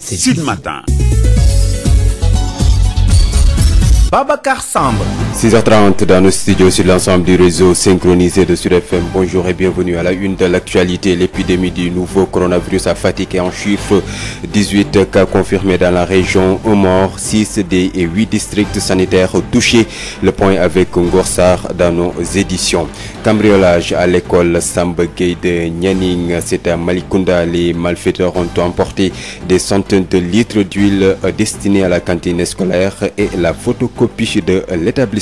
Sud Matin Babacar Samb 6h30 dans nos studios sur l'ensemble du réseau synchronisé de Sud FM. Bonjour et bienvenue à la une de l'actualité. L'épidémie du nouveau coronavirus a fatigué en chiffres 18 cas confirmés dans la région, 1 mort, 6 des 8 districts sanitaires touchés. Le point avec Ngorsar dans nos éditions. Cambriolage à l'école Sambegay de Nyaning, c'est à Malikunda. Les malfaiteurs ont emporté des centaines de litres d'huile destinée à la cantine scolaire et la photocopie de l'établissement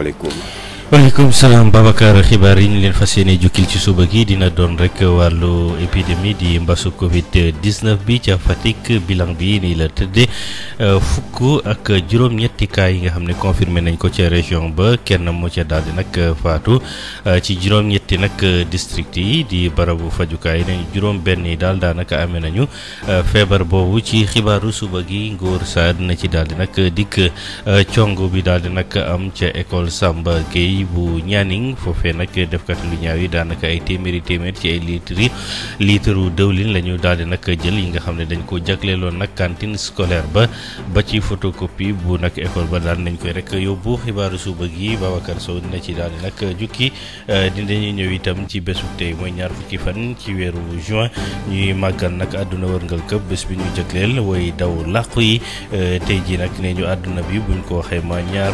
asalaamaaleykum waaleykum salaam Babacar xibaar yi ñu leen fas yéene jukkil ci suba gi dina doon rek wàllu épidémie di mbasu Covid 19 bi ca Fatick bilan bi nii la tëddee euh, fukk ak juróom-ñetti cas yi nga xam ne confirmé nañ ko ca région ba kenn mu ca daal faatu euh, ci juróom-ñetti nag district yi di barabu fajukaay yi nañ juróom-benn yi daal daanaka amee nañu euh, feebar boobu ci xibaaru suba gi Ngor Sarr dina ci daal di nag dikk cong bi daal di nag am ca école Samba Gueye. yi bu Nianing foofee nag defkati lu ñaaw yi daanaka ay téeméeri téeméer ci ay litres yi litre dëwlin la ñu daal di nag jël yi nga xam ne dañ ko jagleeloon nag cantine scolaire ba ba ci photocopie bu nag école ba daan nañ koy rek yóbbu xibaaru suba gi Babacar Sow na ci daal di nag jukki euh, dañu ñëw itam ci bésu tey mooy ñaar fukki fan ci weeru juin ñuy màggal nag àdduna wërngal këpp bés bi ñu jëgleel way daw làqu yi euh, tey ji nag nee ñu àdduna bi buñ ko waxee ma ñaar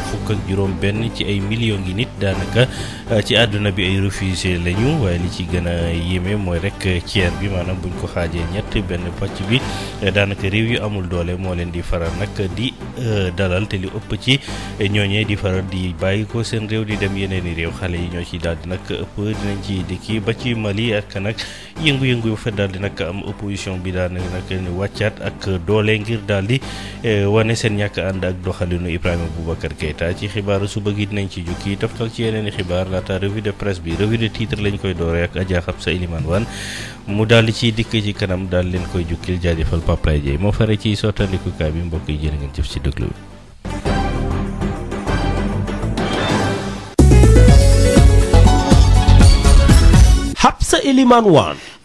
ci ay millions ngi daanaka euh, ci àdduna bi ay réfugiés lañu waaye li ci gën a yéeme mooy rek tiers bi maanaam buñ ko xaajee ñett benn pàcc bi euh, daanaka réew yu amul doole moo leen di faral nag di euh, dalal te li ëpp ci ñooñee di faral di bàyyi ko seen réew di dem yeneen i réew xale yi ñoo ci daal di nag ëpp dinañ ci dikki ba ci Mali ak nag yëngu-yëngu yu fa daal di am opposition bi daanaka ni wàccaat ak doole ngir daal di wane seen ñàkk ànd ak doxalinu Ibrahima Boubacar Keita ci xibaaru suba ak i xibaar laata revue de presse bi revue de titre lañ koy dooree ak Adja Xabsa mu daal di ciy dikk ci kanam daal leen koy jukkil jaajëfal Pape Lay moo fare ci sottandikukaay bi mbokk yi jërë ngeen jëf ci déglu bi. Xabsa Elimane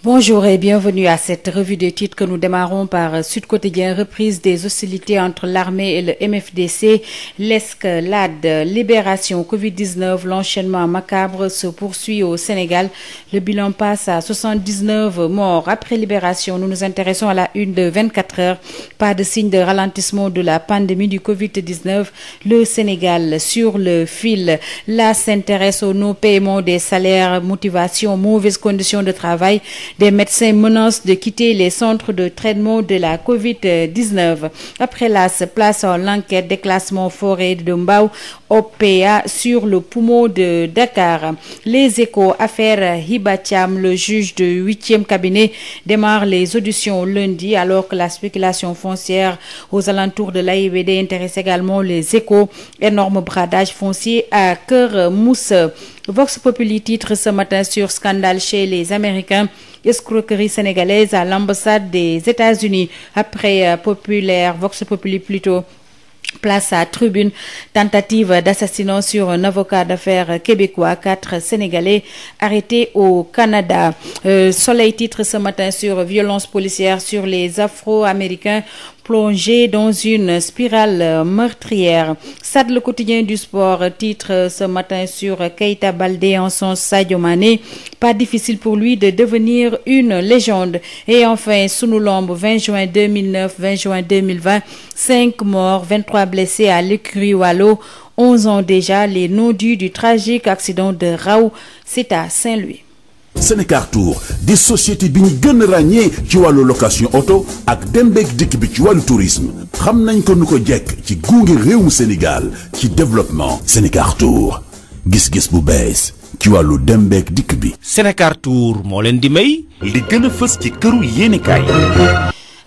Bonjour et bienvenue à cette revue des titres que nous démarrons par Sud Quotidien, reprise des hostilités entre l'armée et le MFDC, l'escalade, libération, Covid-19, l'enchaînement macabre se poursuit au Sénégal. Le bilan passe à 79 morts après libération. Nous nous intéressons à la une de 24 heures. Pas de signe de ralentissement de la pandémie du Covid-19. Le Sénégal sur le fil. Là s'intéresse au non-paiement des salaires, motivation, mauvaises Des médecins menacent de quitter les centres de traitement de la Covid-19. Après la se place en l'enquête des classements forêt de Mbao OPA sur le poumon de Dakar. Les échos affaire Hiba Thiam, le juge de huitième cabinet, démarre les auditions lundi alors que la spéculation foncière aux alentours de l'AIBD intéresse également les échos. Énorme bradage foncier à Keur Mousse. Vox Populi titre ce matin sur scandale chez les Américains, escroquerie sénégalaise à l'ambassade des États-Unis après euh, populaire Vox Populi plutôt place à tribune tentative d'assassinat sur un avocat d'affaires québécois quatre sénégalais arrêtés au Canada euh, Soleil titre ce matin sur violence policière sur les Afro-Américains plongé dans une spirale meurtrière Stades le quotidien du sport titre ce matin sur Keita Baldé en son Sadio Mané pas difficile pour lui de devenir une légende et enfin sunu lamb 20 juin 2009 20 juin 2020 5 morts 23 blessés à l'écurie Walo 11 ans déjà les non-dits du tragique accident de Raoult c'est à Sénécartour di société bi ñu gën ràññee ci wàllu location oto ak dem dikk bi ci wàllu tourisme xam nañ ko nu ko jekk ci gunge réewum Sénégal ci développement Sénécartour gis-gis bu bees ci wàllu dem dikk bi. Sénécartour moo leen di may. li gën a fës ci këru yéenekaay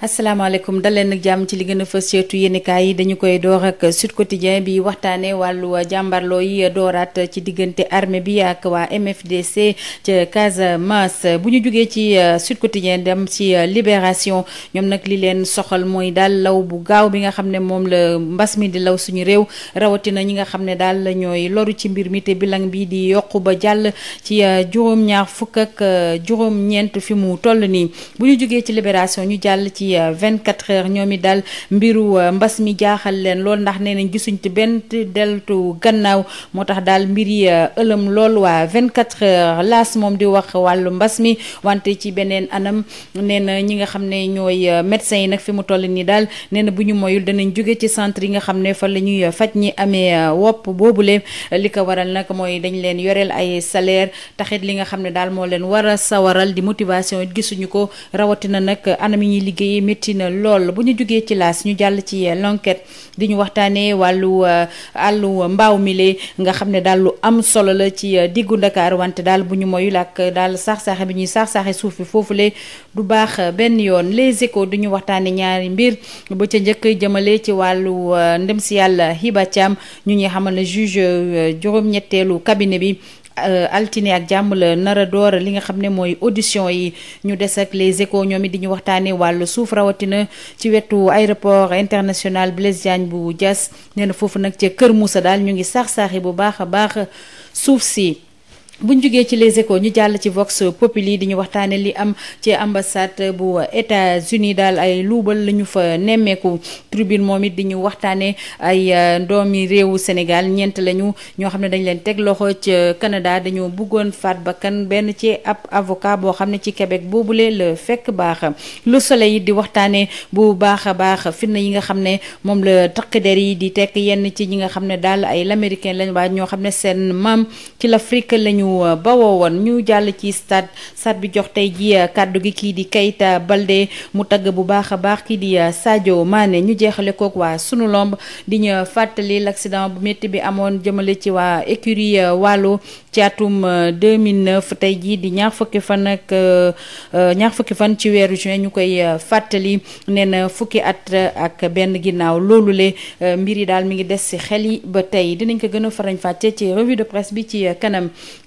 asalaamaaleykum dal leen nag jàmm ci li gën a fës seetu yéenekaay yi dañu koy door ak Sud Quotidien bi waxtaanee wàllu jàmbarloo yi dooraat ci diggante armee bi ak waa MFDC ca Casamance bu ñu jugee ci euh, Sud dem ci euh, Libération ñoom nag li leen soxal mooy daal law bu gaaw bi nga xam ne moom la mbas mi di law suñu réew rawatina ñi nga xam ne daal ñooy loru ci mbir mi te bilang bi di yokku ba jàll ci euh, juróom-ñaar fukk ak juróom-ñeent fi mu toll nii bu ñu jugee ci Libération ñu jàll ci. ci 24 euh, heures ñoom it daal mbiru euh, mbas mi jaaxal leen lool ndax nee nañ gisuñ ci benn deltu gannaaw moo tax daal mbir yi euh, ëlëm lool waa 24 heures laas moom di wax wàllu mbas mi wante ci beneen anam nee na ñi nga xam ne ñooy médecins yi nag fi mu toll nii daal nee na bu ñu moyul danañ jóge ci centre yi nga xam ne fa la ñuy faj ñi amee wopp boobu boobule li ko waral nag mooy dañ leen yoreel ay salaire taxit li nga xam ne daal moo leen war a sawaral di motivation it gisuñu ko rawatina nag anam yi ñuy liggéey bi métti na lool bu ñu jugee ci laas ñu jàll ci euh, l'enquête di ñu waxtaanee wàllu euh, àllu mbaaw mile nga xam ne daal lu am solo la ci euh, diggu Ndakaar wante daal bu ñu moyul ak daal saax-saaxe bi ñuy saax-saaxe suuf bi foofu foofule du baax benn yoon les échos du ñu waxtaanee ñaari mbir ba ca njëkk jëmale ci wàllu ndem si yàlla Hiba Thiam ñu ñuy xamal ne juge juróom-ñetteelu cabinet bi Euh, altine ak jàmm la nar a door li nga xam ne mooy audition yi ñu des ak les échos ñoom it di ñu waxtaanee wàllu suuf rawatina ci wetu aéroport international Blaise Diagne bu jaas nee na foofu nag ca Kër Moussa daal ñu ngi saax saaxi bu baax a baax suuf si. buñ jugee ci les échos ñu jàll ci vox populi di ñu waxtaane li am ci ambassade bu États-Unis daal ay luubal la ñu fa nemmeeku tribune moom it di ñu waxtaane ay euh, doomi réewu Sénégal ñeent lañu ñoo xam ne dañ leen teg loxo ci Canada dañoo bëggoon faat bakkan benn ci ab avocat boo xam ne ci Québec boobule la fekk baax Le Soleil di waxtaane bu baax a baax fitna yi nga xam ne moom la takk der yi di tekk yenn ci ñi nga xam ne daal ay l'américain lañ baa ñoo xam ne seen ñu euh, bawoo woon ñu jàll ci stade stade bi jox tey ji euh, kàddu gi kii di Keita Balde mu tagg bu baax a baax kii di euh, Sadio maane ñu jeexale kook waa sunu lomb di ñu fàttali l'accident bu métti bi amoon jëmale ci waa écurie Waalo ci atum 2009 tey jii di ñaar fukki fan ak ñaar fukki fan ci weeru juin ñu koy fàttali nee na fukki at ak benn ginnaaw loolu le mbir yi daal mu ngi des ci xel yi ba tey dinañ ko gën a farañ fàcce ci revue de presse bi ci kanam.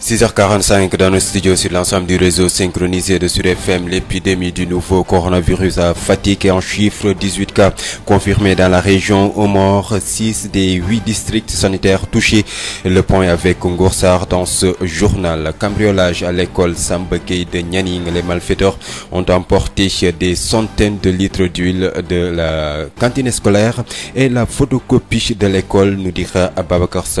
6h45 dans nos studios sur l'ensemble du réseau synchronisé de Sud FM, l'épidémie du nouveau coronavirus à Fatick est en chiffre 18 cas confirmés dans Le point avec Ngoursar dans ce journal. Cambriolage à l'école Samba des centaines de litres d'huile de la cantine scolaire et la photocopie de l'école, nous dira Ababacar Sow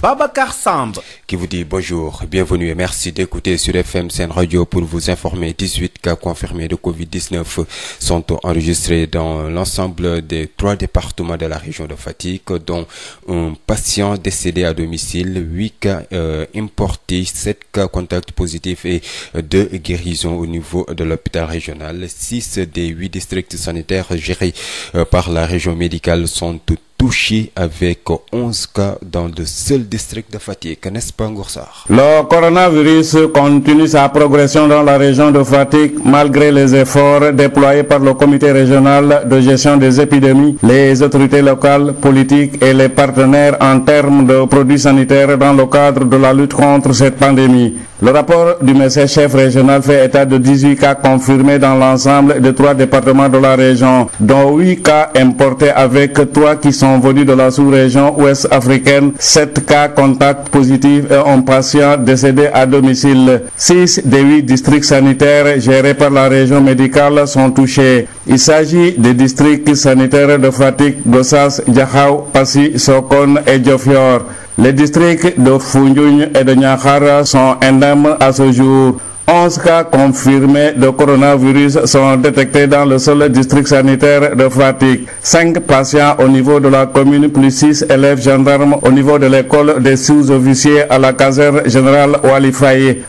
Babacar Samb. Qui vous dit bonjour, bienvenue et sur FM Sen Radio pour vous informer. 18 cas confirmés de Covid-19 sont enregistrés dans l'ensemble des trois départements de la région de Fatick, dont un patient décédé à domicile, 8 cas euh, importés, 7 cas contacts positifs et 2 guérisons au niveau de l'hôpital régional. 6 des 8 districts sanitaires gérés euh, par la région médicale sont touchés avec 11 cas dans le seul district de Fatick, n'est-ce pas Ngoursar? Le coronavirus continue sa progression dans la région de Fatick malgré les efforts déployés par le comité régional de gestion des épidémies, les autorités locales, politiques et les partenaires en termes de produits sanitaires dans le cadre de la lutte contre cette pandémie. Le rapport du médecin chef régional fait état de 18 cas confirmés dans l'ensemble des trois départements de la région, dont 8 cas importés avec 3 qui sont venus de la sous-région ouest africaine, 7 cas contacts positifs et un patient décédé à domicile. 6 des 8 districts sanitaires gérés par la région médicale sont touchés. Il s'agit des districts sanitaires de Fatick, Gossas, Diakhao, Passy, Sokone et Diofior. Les districts de Founjoun et de Nyahara sont indemnes à ce jour. 11 cas confirmés de coronavirus sont détectés dans le seul district sanitaire de Fatick. 5 patients au niveau de la commune plus 6 élèves gendarmes au niveau de l'école des sous-officiers à la caserne générale Wali Faye.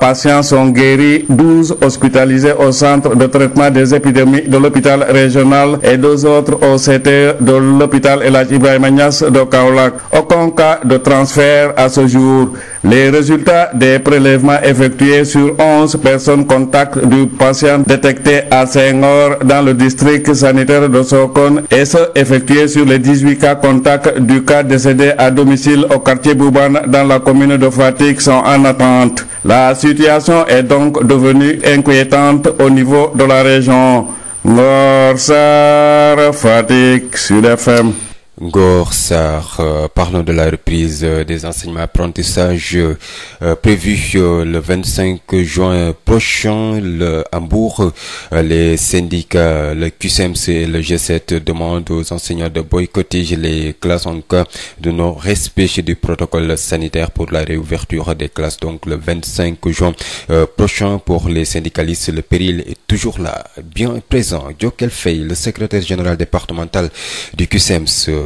patients sont guéris, hospitalisés au centre de traitement des épidémies de l'hôpital régional et deux autres au CTE de l'hôpital El Hadj Ibrahima de Kaolack. Aucun cas de transfert à ce jour. Les résultats des prélèvements effectués 11 personnes contacts du patient détecté à Senghor dans le district sanitaire de Sokone et ce effectué sur les 18 cas contacts du cas décédé à domicile au quartier Boubane dans la commune de Fatick sont en attente. La situation est donc devenue inquiétante au niveau de la région. Ngor Sarr, Sud FM. Ngor Sarr euh, parlons de la reprise euh, des enseignements apprentissages euh, euh, prévus euh, le 25 juin prochain le Hambourg les syndicats le QCMC et le G7 demandent aux enseignants de boycotter les classes en cas de non-respect du protocole sanitaire pour la réouverture des classes donc le 25 juin prochain pour les syndicalistes le péril est toujours là bien présent Diokel Faye le secrétaire général départemental du QCMC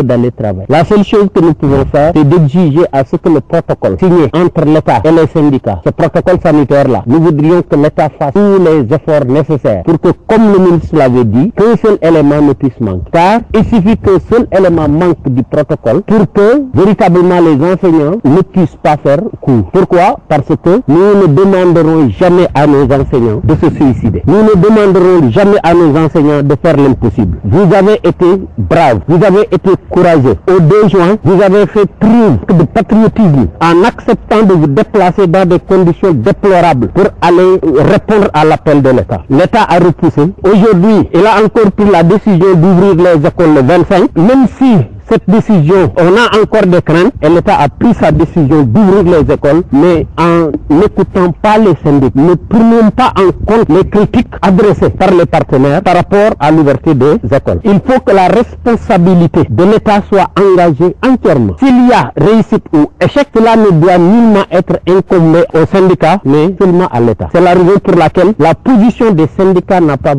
que dans les travaux. La seule chose que nous pouvons faire, c'est d'exiger à ce que le protocole signé entre l'État et les syndicats, ce protocole sanitaire-là, nous voudrions que l'État fasse tous les efforts nécessaires pour que, comme le ministre l'avait dit, qu'un seul élément ne puisse manquer. Car il suffit qu'un seul élément manque du protocole pour que véritablement les enseignants ne puissent pas faire cours. Parce que nous ne demanderons jamais à nos enseignants courageux. Au juin, vous avez fait preuve de en acceptant de vous déplacer dans des conditions déplorables pour aller répondre à l'appel de l'État. L'État a repoussé. Aujourd'hui, il a encore pris la décision d'ouvrir les écoles le 25, même si cette décision, on a encore des craintes et l'État a pris sa décision d'ouvrir les écoles, mais en n'écoutant pas les syndicats, ne prenant pas en compte les critiques adressées par les partenaires par rapport à l'ouverture des écoles. Il faut que la responsabilité de l'État soit engagée entièrement. S'il y a réussite ou échec, cela ne doit nullement être incombé aux syndicats, mais seulement à l'État. C'est la raison pour laquelle la position des syndicats n'a pas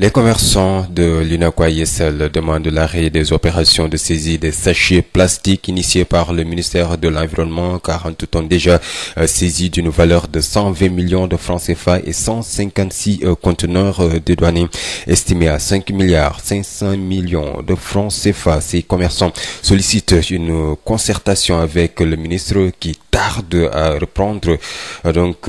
Les commerçants de l'UNACOIS Yessal demandent l'arrêt des opérations de saisie des sachets plastiques initiées par le ministère de l'Environnement. 40 tonnes déjà euh, saisies d'une valeur de 120 millions de francs CFA et 156 euh, conteneurs euh, dédouanés estimés à 5 milliards 500 millions de francs CFA. Ces commerçants sollicitent une concertation avec le ministre qui tarde à reprendre donc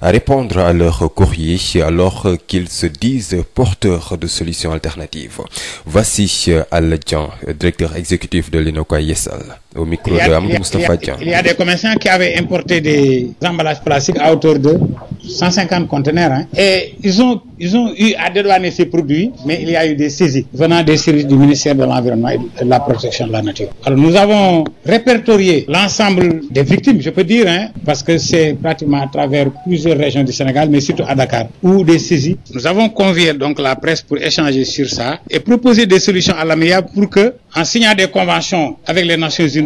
à répondre à leurs courriers alors qu'ils se disent porteurs de solutions alternatives. Voici euh, Al Dian, directeur exécutif de l'Unacois Yessal. au micro de Amadou Moustapha Dia. Il y a des emballages plastiques à hauteur de 150 conteneurs. Hein. Et ils ont, ils eu à dédouaner ces produits, mais il y a eu des saisies venant des services du ministère de l'Environnement et de la Protection de la Nature. nous avons répertorié l'ensemble des victimes, je peux dire, parce que c'est pratiquement à travers plusieurs régions du Sénégal, mais surtout à Dakar, où des saisies. Nous avons convié donc la presse pour échanger sur ça et proposer des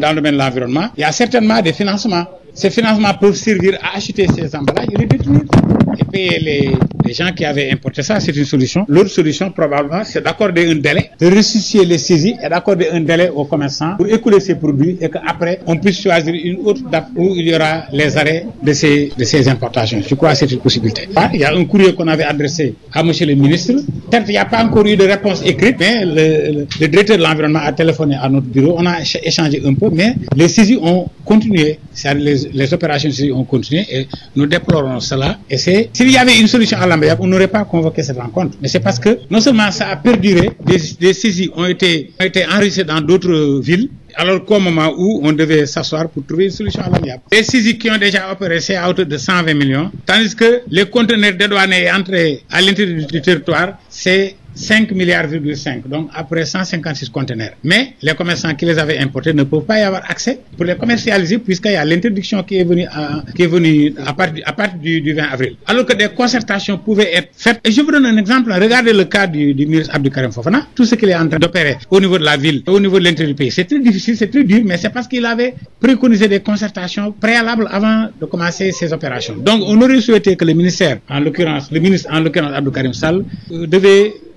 dans le domaine de l'environnement, il y a certainement des financements. Ces financements peuvent servir à acheter ces emballages et les gens qui avaient importé c'est une solution. L'autre solution, probablement, c'est d'accorder un délai, de ressusciter les saisies et d'accorder un délai aux commerçants pour écouler ces produits et qu'après, on puisse choisir une autre date où il y Je crois que c'est une possibilité. Ah, a un courrier qu'on avait adressé à monsieur le ministre. Certes, il n'y a pas encore eu de réponse écrite, mais le, directeur de l'environnement les, les opérations ont continué et nous déplorons cela. Et c'est, s'il y avait une solution à l'amiable, on n'aurait pas convoqué cette rencontre. Mais c'est parce que non seulement ça a perduré, des, des saisies ont été, ont été enregistrées dans d'autres villes, alors qu'au moment où on devait s'asseoir pour trouver une solution à l'amiable. Les saisies qui ont déjà opéré, c'est à hauteur de 120 millions, tandis que les conteneurs dédouanés entrés à l'intérieur du territoire, c'est cinq milliards virgule cinq donc après cent cinquante six conteneurs mais les commerçants qui les ne peuvent pas y avoir accès pour les commercialiser puisqu'il y a l'interdiction qui est venue à, partir du, avril alors que des concertations pouvaient être faites et je vous donne un exemple regardez le cas du ministre Abdou Karim tout ce qu'il est en train d'opérer au niveau de la ville au niveau de l'intérieur du pays c'est très difficile c'est très dur mais c'est parce qu'il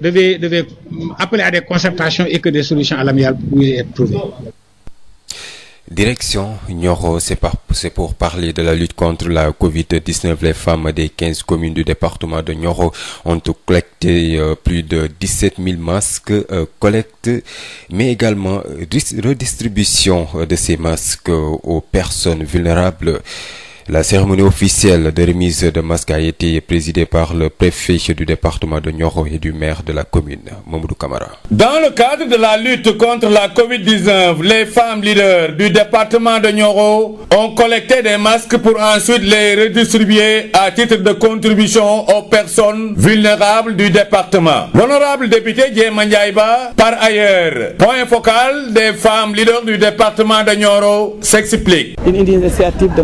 devait, devait appeler à des concertations et que des solutions à l'amiable pouvaient être trouvées. Direction Nioro, c'est pour parler de la lutte contre la Covid-19. Les femmes des 15 communes du département de Nioro ont collecté euh, plus de 17 000 masques euh, collecte, mais également euh, redistribution de ces masques La cérémonie officielle de remise de masques a été présidée par le préfet du département de Nioro et du maire de la commune, Mamoudou Kamara. Dans le cadre de la covid les femmes leaders du département de Nioro ont collecté des masques pour ensuite les redistribuer à titre de contribution aux personnes vulnérables du département. L'honorable député Djemandiaïba, par ailleurs, point focal des femmes leaders du département de Nioro, s'explique. Une initiative de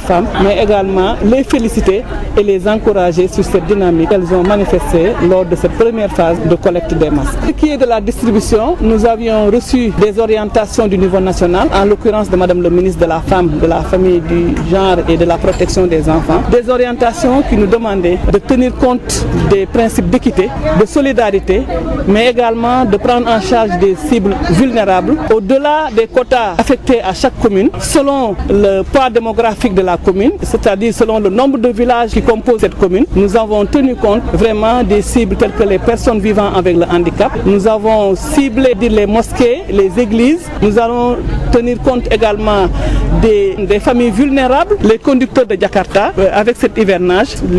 femmes, mais également les féliciter et les encourager sur cette dynamique qu'elles ont manifestée lors de cette première phase de collecte des masques. Ce qui est de la distribution, nous avions reçu des orientations du niveau national, en l'occurrence de Madame le ministre de la Femme, de la Famille, du Genre et de la Protection des Enfants, des orientations qui nous demandaient de tenir compte des principes d'équité, de solidarité, mais également de prendre en charge des cibles vulnérables, au des quotas affectés à chaque commune, la commune, c'est-à-dire selon le nombre de villages qui composent cette commune. Nous avons tenu compte vraiment des cibles que les personnes vivant avec le handicap. Nous avons ciblé les mosquées, les églises. Nous allons tenir compte également des, des familles vulnérables, les conducteurs de Jakarta, euh, avec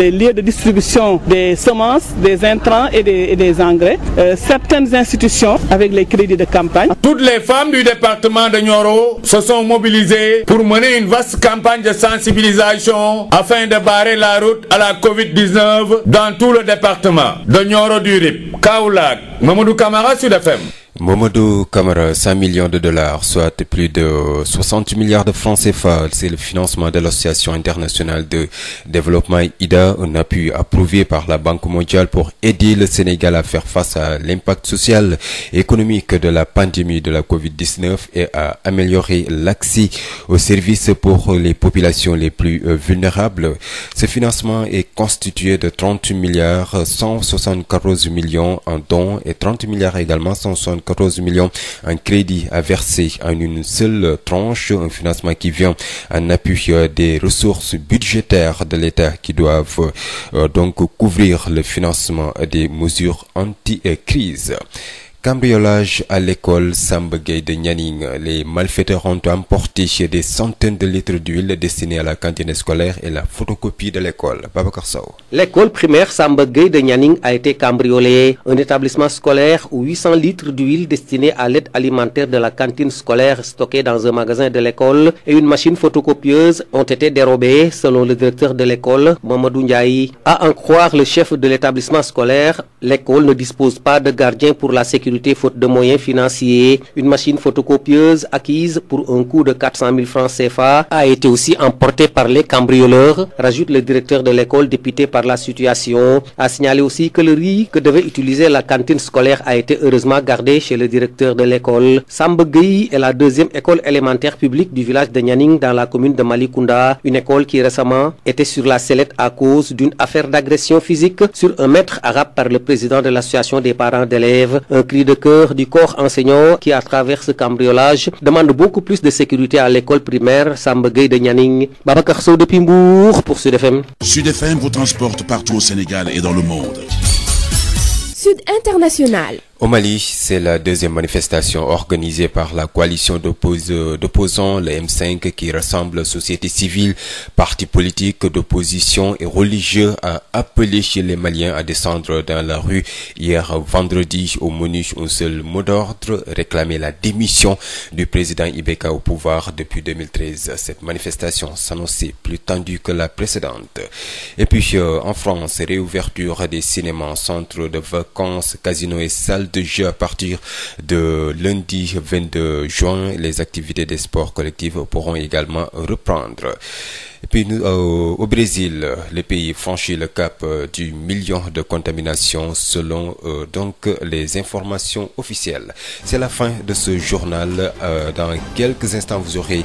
les lieux de distribution des semences, des intrants et des, des engrais, euh, certaines institutions avec les crédits de campagne. Toutes les femmes du département de Nioro se sont mobilisées pour mener une vaste campagne de sensibilisation sensibilisation afin de barrer la route à la COVID-19 dans tout le département de Nioro du Rip, Kaolack, Mamadou Camara, Sud FM. Mamadou Camara 5 de dollars soit plus de 60 milliards de francs CFA financement de l'association internationale de développement IDA un appui approuvé par la Banque mondiale pour le Sénégal à faire face à social et économique de la pandémie de la Covid-19 et à améliorer l'accès aux services pour les populations les plus vulnérables financement est constitué de 30 milliards 174 millions en dons et 30 milliards également 174 14 millions en crédit à verser en une seule tranche, un financement qui vient en appui euh, des ressources budgétaires de l'État qui doivent euh, donc couvrir le financement des mesures anti Cambriolage à l'école Samba Gueye de Nianing. primaire Samba Gueye de Nianing a été cambriolée. Un établissement scolaire où litres d'huile destinée à l'aide alimentaire de la cantine scolaire stockée dans un magasin de l'école et une machine photocopieuse ont été dérobées selon le directeur de l'école, Mamadou Ndiaye. À en le chef de l'établissement scolaire, l'école ne dispose pas de gardien pour la sécurité faute de moyens financiers. Une machine photocopieuse acquise pour un coût de francs CFA a été aussi emportée par les cambrioleurs, rajoute le directeur de l'école dépité par la situation. A signalé aussi que le riz que devait utiliser la cantine scolaire a été heureusement gardé chez le directeur de l'école. Samba est la deuxième école élémentaire publique du village de Nianing dans la commune de Malicounda, une école qui récemment était sur la sellette cri de cœur du corps enseignant qui, à travers ce cambriolage, demande beaucoup plus de sécurité à l'école primaire Samba de Nianing. Babacar Sow depuis Mbour pour Sud FM. Sud FM vous transporte partout au Sénégal et dans le monde. Au Mali, c'est la deuxième manifestation organisée par la coalition d'opposants, le M5, qui rassemble société civile, partis politiques d'opposition et religieux, a appelé chez les Maliens à descendre dans la rue hier vendredi au menu un seul mot d'ordre, réclamer la démission du président Ibeka au pouvoir depuis 2013. Cette manifestation s'annonçait plus tendue que la précédente. Et puis, euh, en France, réouverture des cinémas, centres de vacances, casinos et de jeu à partir de lundi 22 juin. Les activités des sports collectifs pourront également euh, le pays le cap euh, de contaminations selon euh, donc les informations officielles. C'est la fin de ce journal. Euh, dans quelques instants, vous aurez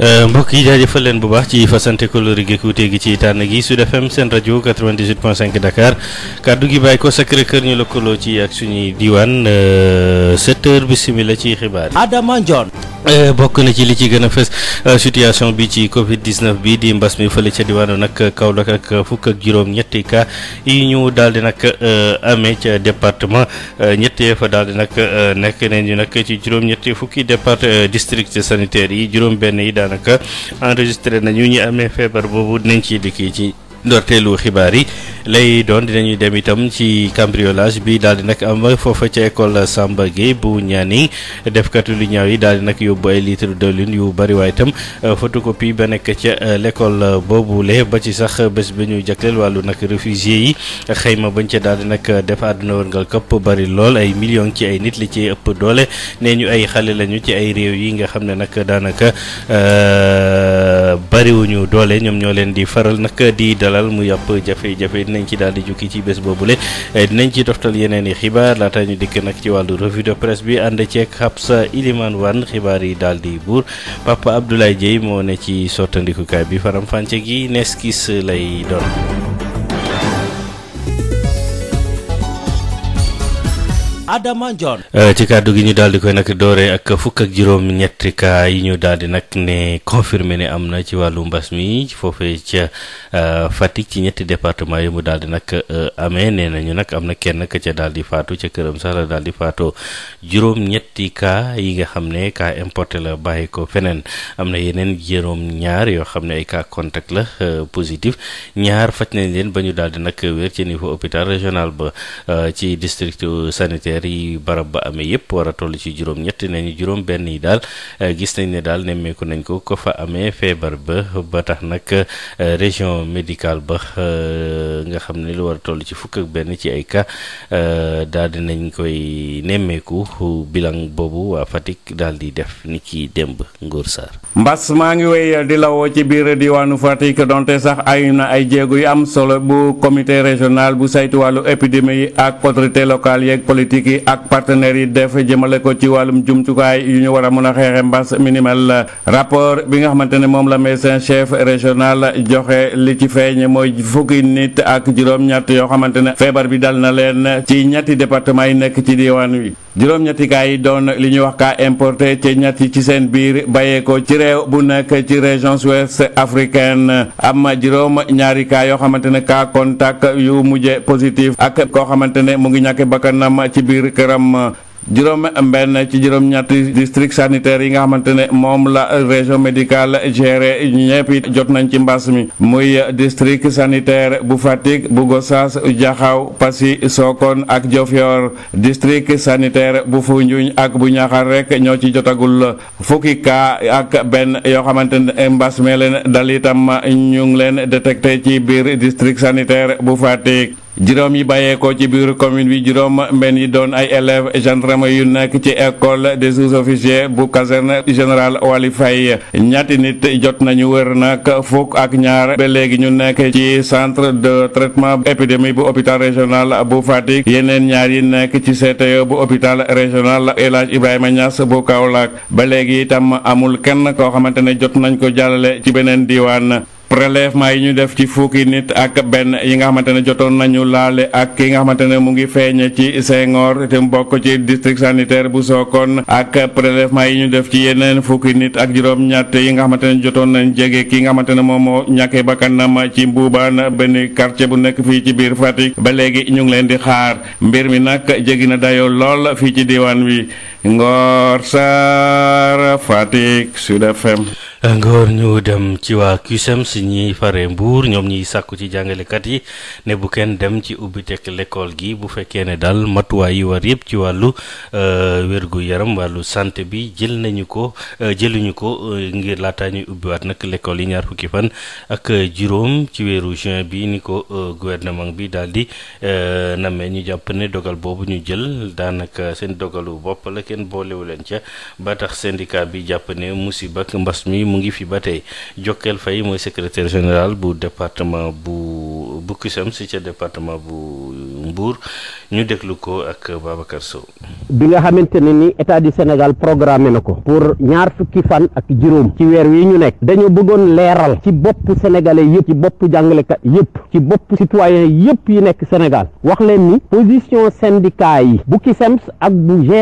Euh, mbokk yi jaajëfal leen bu baax ci fasante kóllëre gi kuute gi ci tànn gi Sud FM seen rajo 98.5 Dakar kàddu gi bàyyi ko Sacré Cœur ñu lëkkaloo ci ak suñuy diwaan 7 euh, heures bismilla ci xibaar yi. Adama euh, bokk na ci li ci gën a fës situation bi ci Covid 19 bi di mbas mi fële ca diwaanu nag Kaolack ak fukk ak juróom-ñetti cas yi ñu daal di nag amee ca département ñettee fa daal di nag nekk nañu nag ci juróom-ñetti fukki départ district sanitaire yi juróom-benn yi daal. daanaka enregistré nañu ñi amee feebar boobu dinañ ciy dikk ci ndorteelu xibaar yi lay doon dinañuy dem itam ci cambriolage bi daal di nag am foofa ca école Samba Gueye bu Nianing defkatu lu ñaaw yi daal di nag yóbbu ay litre diwlin yu bari waaye itam euh, photocopie ba nekk ca euh, l'école euh, boobule ba ci sax bés ba ñu jagleel wàllu nag réfugié yi xayma bañ ca daal di nag def àdduna wërngal këpp bari lool ay million ci ay nit li ci ëpp doole nee ñu ay xale lañu ci ay réew yi nga xam ne nag daanaka. bariwuñu doole ñoom ñoo leen di faral nag di dalal mu yàpp jafe-jafe dinañ ci daal di jukki ci bés boobu boobule eh, dinañ ci toftal yeneen yi xibaar laata ñu dikk nag ci wàllu revue de presse bi ànd ceeg Habsa Iliman Wane xibaar yi daal di buur Papa Abdoulaye Dieye moo ne ci sottandikukaay bi faramfànce fànce gi neeskis lay doon Adama Ndione. Eh, ci kàddu gi ñu daal di koy nag doore ak fukk ak juróom ñetti cas yi ñu daal di nag ne confirmé ne am na ci wàllu mbas mi foofee ca eh, Fatick ci ñetti département yi mu daal di nag eh, amee nee ñu nag am na kenn ka ca daal di faatu ca këram sax la daal di faatoo juróom ñetti cas yi nga xam ne cas importe la bàyyi ko feneen am na yeneen juróom ñaar yoo xam ne ay cas contact la positif ñaar faj nañ leen ba ñu daal di nag wér ci hôpital régional ba ci district sanitaire. critères yi barab ba amee yëpp war a toll ci juróom-ñett nañu juróom benn yi daal eh, gis nañ ne daal nemmeeku nañ ko ko fa amee feebar ba ba tax nag eh, région médical ba eh, nga xam ne lu war toll ci fukk ak benn ci ay ka daal di nañ koy nemmeeku bilan boobu waa Fatick daal di def ni ki démb Ngor Sarr. Mbass maa ngi wéy di la woo ci biir diwaanu Fatick donte sax ay na ay jéego yu am solo bu comité régional bu saytu wàllu ak autorité locale yeeg politique. gi ak partenaires yi def jëmale ko ci wàllum jumtukaay yu ñu war a mën a xeexe mbas minimal rapport bi nga xamante ne moom la médecin chef régional joxe li ci feeñ mooy fukki nit ak juróom-ñett yoo xamante ne feebar bi dal na leen ci ñetti département yi nekk ci diwaan wi juróom-ñetti yi doon li ñuy wax kaa importé ci ñetti ci seen biir bàyyeekoo ci réew bu nekk ci région ouest africaine am juróom ñaari kaa yoo xamante ne kaa contact yu mujje positif ak koo xamante ne mu ngi ñàkk bakkanam ci biir këram juróom benn ci juróom ñetti district sanitaire yi nga xamante ne moom la région médicale géré ñëpp it jot nañ ci mbas mi muy district sanitaire bu Fatick bu Gossas Jaxaw Passy Sokone ak Diofior district sanitaire bu Foundiougne ak bu Niakhar rek ñoo ci jotagul fukki cas ak benn yoo xamante ne mbas mee leen dal itam ñu ngi leen détecté ci biir district sanitaire bu Fatick juróom yi bàyyeekoo ci biir commune bi juróom mbenn yi doon ay élèves gendarme yu nekk ci école des sous-officiers bu caserne général walifay Faye ñatti nit jot nañu wër nag fukk ak ñaar ba léegi ñu nekk ci centre de traitement épidémie bu hôpital régional bu Fatick yeneen ñaar yi nekk ci CTO e bu hôpital régional El Hadj Ibrahima Niass bu Kaolack ba léegi itam amul kenn koo xamante ne jot nañ ko jàllale ci beneen diiwaan prélèvement yi ñu def ci fukki nit ak benn yi nga xamante ne jotoon nañu laale ak ki nga xamante ne mu ngi feeñ ci Senghor te mu bokk ci district sanitaire bu Sokone ak prélèvement yi ñu def ci yeneen fukki nit ak juróom-ñett yi nga xamante ne jotoon nañ jege ki nga xamante ne moom moo ñàkkee bakkanam ci mbuubaan benn quartier bu nekk fii ci biir Fatick ba léegi ñu ngi leen di xaar mbir mi nag jéggi na dayoo lool fii ci diwaan wi Ngor Sarr Fatick Sud FM nga ñu dem ci waa CUSEMS si ñiy fare Mbour ñoom ñiy sàkku ci jàngalekat yi ne bu kenn dem ci ubbi teg l'école gi bu fekkee ne daal matuwaay yi war yëpp ci wàllu euh, wérgu yaram wàllu santé bi jël nañu ko euh, jëluñu ko euh, ngir laata ñuy ubbiwaat nag l'école yi ñaar fukki fan ak juróom ci weeru juin bi ni ko gouvernement bi daal di namee ñu jàpp ne dogal boobu ñu jël daanaka seen dogalu bopp la kenn boolewu leen ca ba tax syndicat bi jàpp ne musiba mbas mi mu ngi fi ba tey Jokel Faye mooy secrétaire général bu département bu bu CUSEMS ci département bu Mbour ñu déglu ko ak Babacar Sow. bi nga xamante ne ni état du Sénégal programmé na ko. pour ñaar fukki fan ak juróom. ci weer wi ñu nekk. dañu bëggoon leeral. ci bopp sénégalais yëpp. ci bopp jàngalekat yëpp. ci bopp citoyen yëpp yi nekk Sénégal. wax leen ni position syndicat yi. bu CUSEMS ak bu g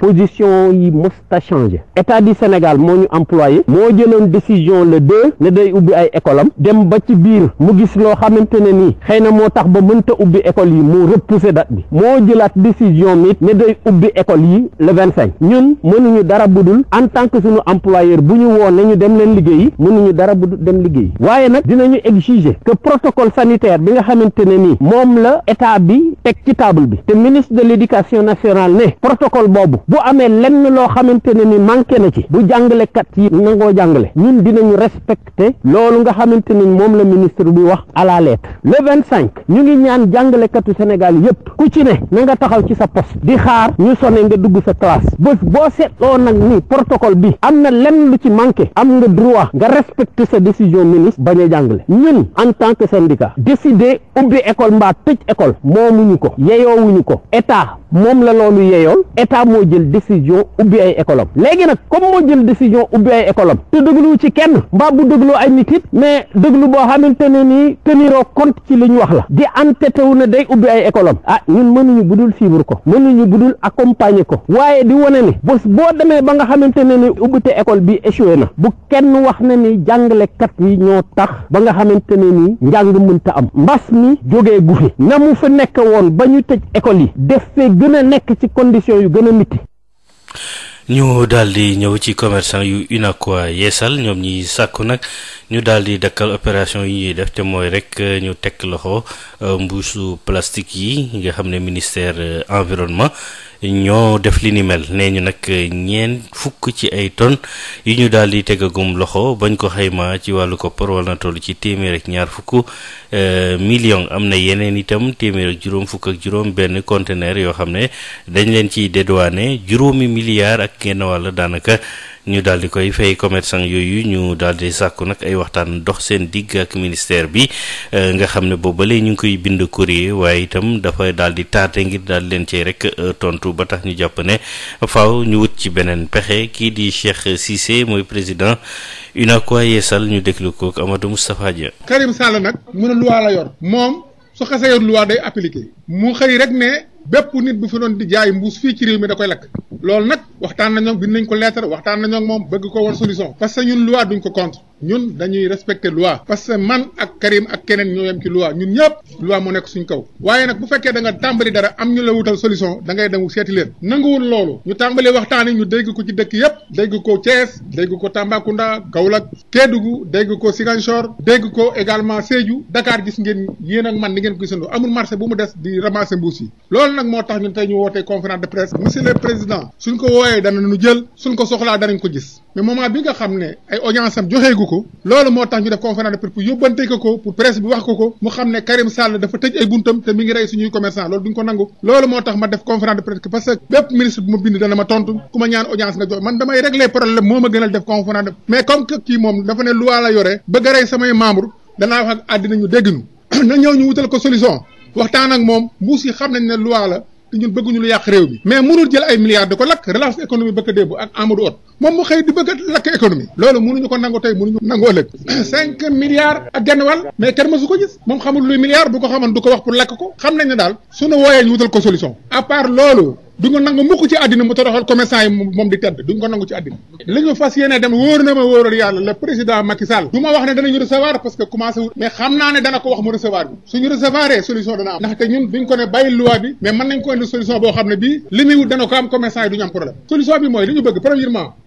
position yi mosta changé. état du Sénégal moo ñu employé. moo jëloon jëloon décision le deux ne day ubbi ay école dem ba ci biir mu gis loo xamante ne nii xëy na moo tax ba mënta ubbi école yi mu repousser date bi moo jëlaat décision mi ne day ubbi école yi le vingt cinq ñun mënuñu dara budul en tant que suñu employeur bu ñu woon ne ñu dem leen liggéeyi mënuñu dara budul dem liggéeyi waaye nag dinañu exiger que protocole sanitaire bi nga xamante ne nii moom la état bi teg ci table bi te ministre de l'éducation nationale ne protocole boobu bu amee lenn loo xamante ne ni manqué na ci bu respecté ñun dinañu respecté loolu nga xamante ni moom la ministre bi wax à la lettre le vingt ñu ngi ñaan jàngalekatu Sénégal yépp ku ci ne na nga taxaw ci sa poste di xaar ñu sone nga dugg sa classe bés boo seetloo nag ni protocole bi am na lenn lu ci manqué am nga droit nga respecté sa décision ministre bañ a jàngale ñun en tant que syndicat décider ubbi école mbaa tëj école moomuñu ko yeyoowuñu ko état moom la loolu yeyool état moo jël décision ubbi ay école léegi nag comme moo dégluwu ci kenn mbaa bu dégloo ay nit mais déglu boo xamante ne nii teniroo compte ci li ñu wax la di entêté wu ne day ubbi ay école am ah ñun mënuñu budul suivre ko mënuñu budul accompagner ko waaye di wane ni bés boo demee ba nga xamante ne ni ubbite école bi échoué na bu kenn wax ne ni jàngalekat yi ñoo tax ba nga xamante ne nii njàng mënta am mbas mi jógee gu fi na mu fa nekk woon ba ñu tëj école yi def fee gën a nekk ci condition yu gën a mitti ñu daal di ñëw ci commerçant yu UNACOIS Yeesal ñoom ñi sàkku nag ñu daal di dakkal opération yi ñuy def te mooy rek euh, ñu tekk loxo euh, mbuusu plastique yi nga xam ne ministère euh, environnement ñoo def li ni mel nee ñu nag ñeen fukk ci ay tonnes yi ñu daal di tegagum loxo bañ ko xayma ci wàllu koppar wala na ci téeméer ak ñaar fukk million am na yeneen itam téeméer ak juróom fukk ak juróom benn conteneur yoo xam ne dañ leen ciy dédouané juróomi milliards ak genn wàll daanaka ñu daal di koy fay commerçant yooyu ñu daal di sàkku nag ay waxtaan dox seen digg ak ministère bi euh, nga xam ne boobale ñu ngi koy bind courrier waaye itam dafa daal di taate ngir daal leen cey rek euh, tontu ba tax ñu jàpp ne faaw ñu wut ci beneen pexe kii di Cheikh Cissé mooy président UNACOIS Yeesal ñu déglu ko ak Amadou Moustapha Dia. Karim Sall nag mën a luwaa la yor moom su xasee yor luwaa day appliqué mu xëy rek ne bépp nit bu fi doon di jaay mbuus fii ci réew waxtaan nañoo bind nañ ko lettre waxtaan nañoo ak moom bëgg ko war solution parce que ñun loi duñ ko contre ñun dañuy respecter loi parce que man ak Karim ak keneen ñoo yem ci loi ñun ñëpp loi mu nekk suñ kaw waaye nag bu fekkee da nga tàmbali dara am ñu la wutal solution da ngay seeti leen nanguwul loolu ñu tàmbali waxtaan yi ñu dégg ko ci dëkk yëpp dégg ko Thiès dégg ko Tambacounda Kaolack Kédougou dégg ko Ziguinchor dégg ko également Sédhiou Dakar gis ngeen yéen man ni ngeen ko gisandoo amul marché bu mu des di ramasser mbuus yi loolu nag moo tax ñu wootee conférence de presse monsieur le président suñ ko wooyee dana nu jël suñ ko soxlaa danañ ko gis mais moment bi nga xam ne ay audience am joxeegu ko loolu moo tax ñu def conférence de presse pour yóbbante ko ko pour presse bi wax ko ko mu xam ne Karim Sall dafa tëj ay buntam te mi ngi rey suñuy commerçant loolu duñ ko nangu loolu moo tax ma def conférence de presse bépp ministre bu ma bind dana ma tontu ku ma ñaan audience nga jox man damay régler problème moo ma gënal def conférence de mais te ñun bëgguñu lu yàq réew mi mais mënul jël ay milliards di ko lakk relance économique ba ko débb ak moom mu xëy di bëgg a lakk économie loolu mënuñu ko nangu tey mënuñu nangu ëllëg cinq milliards ak genn mais kenn mësu ko gis moom xamul luy milliard bu ko xam ne daal ko solution mu toroxal yàlla le président Macky du ma wax ne danañu recevoir parce que commencé mais xam naa ne dana ko wax mu recevoir bi suñu recevoir solution dana am ndaxte ñun duñ ko ne bàyyi loi bi mais mën nañ ko indi solution boo xam ne bii li muy dana ko am commerçant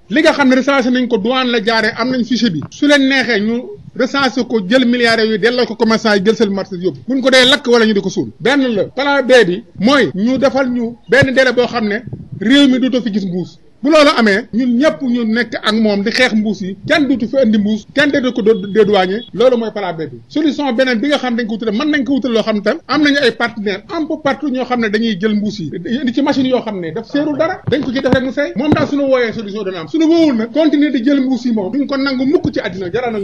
li nga xam ne recensé nañ ko douane la jaaree am nañ fichier bi su leen neexee ñu recensé ko jël milliards yooyu delloo ko commerçant yi jël seen marché yóbbu buñ ko dee lakk wala ñu di ko suul benn la plan B bi mooy ñu defal ñu benn délai boo xam ne réew mi dootoo fi gis mbuus bu loolu amee ñun ñëpp ñu nekk ak moom di xeex mbuus yi kenn duutu fi indi mbuus kenn dédu ko dédouañe loolu mooy plan B bi solution beneen bi nga xam dañ ko wutale mën nañ ko wutal loo xam ne tam am nañu ay partenaire un peu partout ñoo xam ne dañuy jël mbuus yi indi ci machine yoo xam ne daf séerul dara dañ ko ci def rek mu seey moom daal suñu wooyee solution dana am suñu woowul nag continuer di jël mbuus yi moom duñ ko nangu mukk ci àddina jaral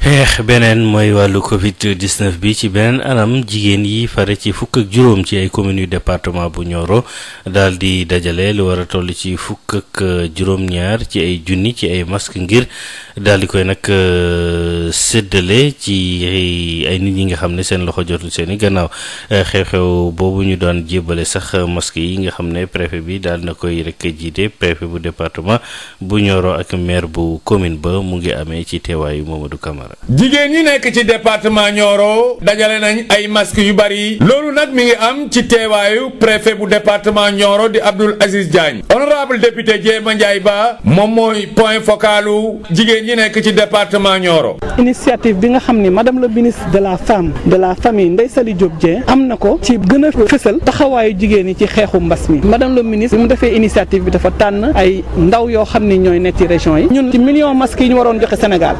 xeex beneen mooy wàllu Covid 19 bi ci beneen anam jigéen yi fare ci fukk juróom ci ay communes yu département bu Nioro daal di dajale lu war a toll ci fukk ak euh, juróom-ñaar ci ay junni ci ay masque ngir daal di koy nag euh, séddale ci ay nit ñi nga xam ne seen loxo jotul seen i gannaaw euh, xew-xew boobu ñu doon jébbale sax masque yi nga xam ne préfet bi daal na koy rek jiite préfet bu département bu Nioro ak maire bu commune ba mu ngi amee ci teewaayu Mamadou Camara. jigéen ñi nekk ci département ñooro dajale nañ ay masques yu bari loolu nag mi ngi am ci teewaayu préfet bu département Nioro di Abdoul Aziz Diagne honorable député Jéema Ndiaye Ba moom mooy point focalu jigéen ñi nekk ci département Nioro. initiative bi nga xam ne madame la ministre de la femme de la famille Ndeye Saly Diop Dieng am na ko ci gën a fësal taxawaayu jigéen ñi ci xeexu mbas mi madame la ministre bi mu defee initiative bi dafa tànn ay ndaw yoo xam ne ñooy nekk ci région yi ñun ci million masques yi ñu waroon joxe Sénégal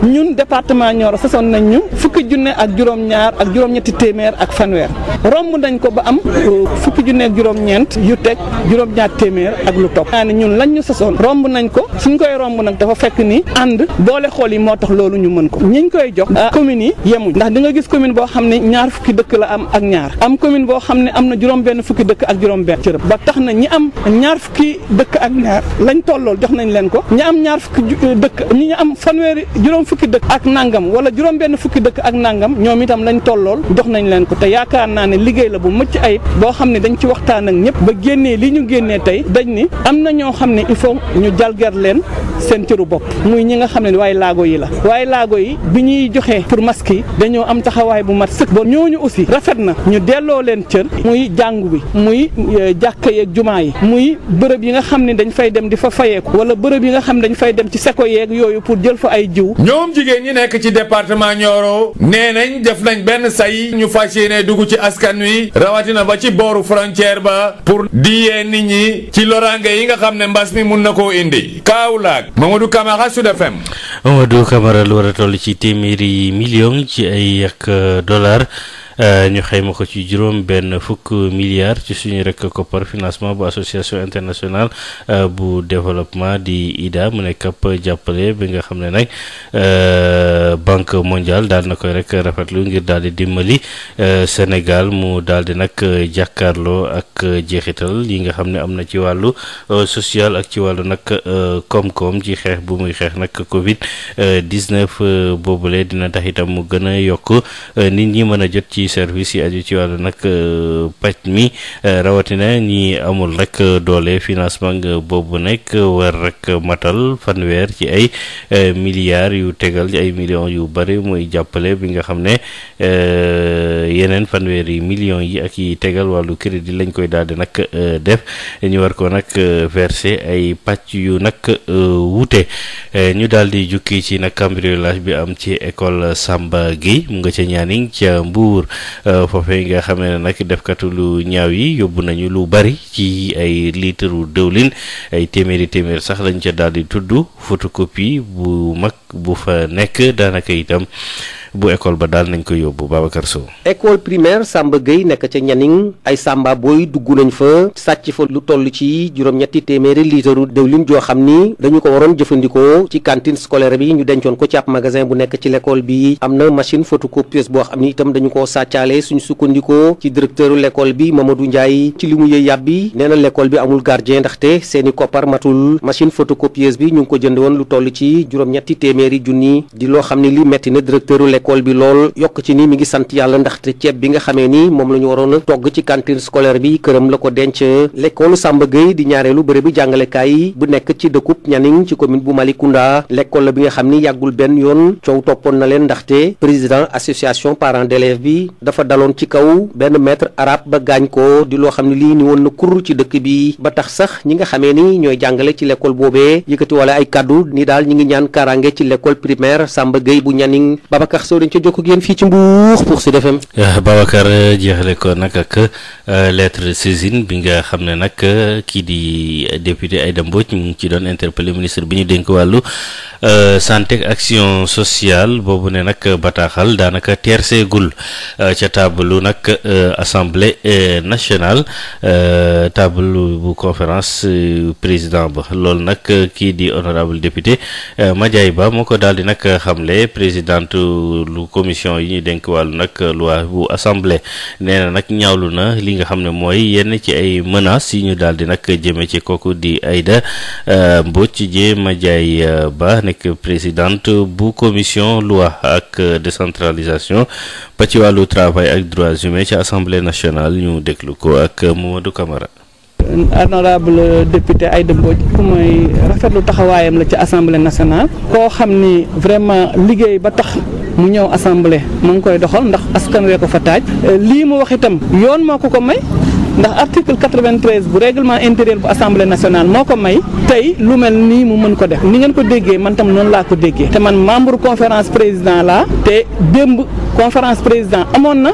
département Nioro sasoon nañ ñu fukki junne ak juróom-ñaar ak juróom-ñetti téeméer ak fanweer romb nañ ko ba am euh, fukki junne ak juróom-ñeent yu teg juróom-ñaar téeméer ak lu topp naa ne ñun lañ ñu sasoon romb nañ ko suñ koy romb nag dafa fekk ni ànd boole xool yi moo tax loolu ñu mën ko ñiñ koy jox ah, commune yi yemuñ ndax di nga gis commune boo xam ne ñaar fukki dëkk la am ak ñaar am commune boo xam ne am na juróom-benn fukki dëkk ak juróom-benn cërëb ba tax na ñi am ñaar fukki dëkk ak ñaar lañ tollool jox nañ leen ko ñi am ñaar fukki dëkk ñi am fanweeri juróom nangam wala juróom-benn fukki dëkk ak nangam ñoom itam lañ tollool jox nañ leen ko te yaakaar naa ne liggéey la bu mëcc ayib boo xam ne dañ ci waxtaan ak ñëpp ba génnee li ñu génnee tey dañ ni am na ñoo xam ne il faut ñu jalgar leen seen cëru bopp muy ñi nga xam ne waaye laago yi la waaye laago yi bi ñuy joxee pour masque yi dañoo am taxawaay bu mat sëkk ba ñooñu aussi rafet na ñu delloo leen cër muy jàngu bi muy euh, jàkka yeeg jumaa yi muy bërëb yi nga xam ne dañ fay dem di fa fayeeku wala bërëb yi nga xam ne fay dem ci seko yeeg yooyu pour jël fa ay jiw ci département Nioro nee nañ def nañ benn say ñu fas ne dugg ci askan wi rawatina ba ci booru frontière ba pour di yee nit ñi ci loraange yi nga xam ne mbas mi mun na koo indi Kaolack Mamadou Camara Sud FM. Mamadou Camara lu war a toll ci téeméeri million ci ay ak dollar Euh, ñu xayma ko ci juróom benn fukk milliards ci suñu rek koppar financement bu association internationale euh, bu développement di idaa mu ne ab jàppale bi nga xam ne nag euh, banque mondiale daal na koy rek rafetlu ngir daal di dimbali Sénégal mu daal di nag jàkkaarloo ak jeexital yi nga xam ne am na ci wàllu social ak ci wàllu nag koom-koom ci xeex bu muy xeex nag Covid 19 boobule dina tax itam mu gën a yokk nit ñi mën jot ci. ci service yi aju ci wàllu nag euh, paj mi euh, rawatina ñi amul rek euh, doole financement boobu nekk war rek matal fanweer ci ay milliards yu tegal ci ay millions yu bëri mooy jàppale bi nga xam ne yeneen fanweer yi millions yi ak yi tegal wàllu crédit lañ koy daal di nag def ñu war ko nag verser ay pàcc yu nag wute ñu daal di jukki ci nag cambriolage bi am ci école Samba Gueye mu nga ca ñaaning ca Mbour Euh, yi nga xam ne nag defkatulu lu ñaaw yi yóbbu nañu lu bari ci ay litre dëwlin ay téeméeri téeméer sax lañ ca daal di tudd photocopie bu mag bu fa nekk daanaka itam. bu école ba daal nañ ko yóbbu Babacar Sow. école primaire Samba Gueye nekk ca Nianing ay Samba booy dugg nañ fa sàcc fa lu toll ci liitaru diwlin joo xam ni dañu ko waroon jëfandikoo ci cantine scolaire bi ñu dencoon ko ci ab magasin bu nekk ci l'école bi am na machine photocopieuse boo xam ni itam dañu ko sàccaale suñu sukkandikoo ci directeur l'école bi Mamadou Ndiaye ci li mu yëy yàbbi nee na l'école bi amul gardien ndaxte seeni koppar matul machine école bi lool yokk ci ni mi ngi sant yàlla ndaxte ceeb bi nga xamee ni moom la waroon a togg ci cantine scolaire bi këram la ko denc l'école Samba Gueye di ñaareelu bërëb bi jàngalekaay bu nekk ci dëkkub Nianing ci commune bu Malicounda l'école la bi nga xam ni yàggul benn yoon coow toppoon na leen ndaxte président association parents d'élèves bi dafa daloon ci kaw benn maître arabe ba gaañ ko di loo xam ne lii ni woon na kur ci dëkk bi ba tax sax ñi nga xamee ni ñooy jàngale ci l'école boobee yëkkati wala ay kàddu ni daal ñi ngi ñaan kaaraange ci l'école primaire Samba Gueye bu Nianing soo Sow dañ ca jokk ak fii ci Mbour pour Sud FM. Eh, Babacar jeexale ko nag ak euh, lettre saisine bi nga xam ne nag kii di député ay Mbodj ñu ngi ci doon interpellé ministre bi ñu dénk wàllu euh, santé action sociale boobu ne nag bataaxal daanaka teerseegul euh, ca tabalu nag assemblée nationale tabalu bu conférence président ba loolu nag kii di honorable député Madiaye Ba moo ko daal di nag xamle présidente. lu commission yi ñuy dénk wàllu nag loi bu assemblée nee na nag ñaawlu na li nga xam ne mooy yenn ci ay menaces yi ñu daal di nag jëmee ci kooku di ayda Aïda euh, Mbodj Diema Ndiaye euh, Ba nekk présidente bu commission loi ak décentralisation ba ci wàllu travail ak droits humains ci assemblée nationale ñu déglu ko ak Mamadou Camara. honorable député Aïda Mbodj mooy rafetlu taxawaayam la ci assemblée nationale koo xam ni vraiment liggéey ba tax mu ñëw assemblée mu ngi koy doxal ndax askan wee ko fa taaj lii mu wax itam yoon moo ko ko may ndax article 93 bu règlement intérieur bu assemblée nationale moo ko may tey lu mel nii mu mën ko def ni ngeen ko déggee man tam noonu laa ko déggee te man membre conférence président laa te démb conférence président amoon na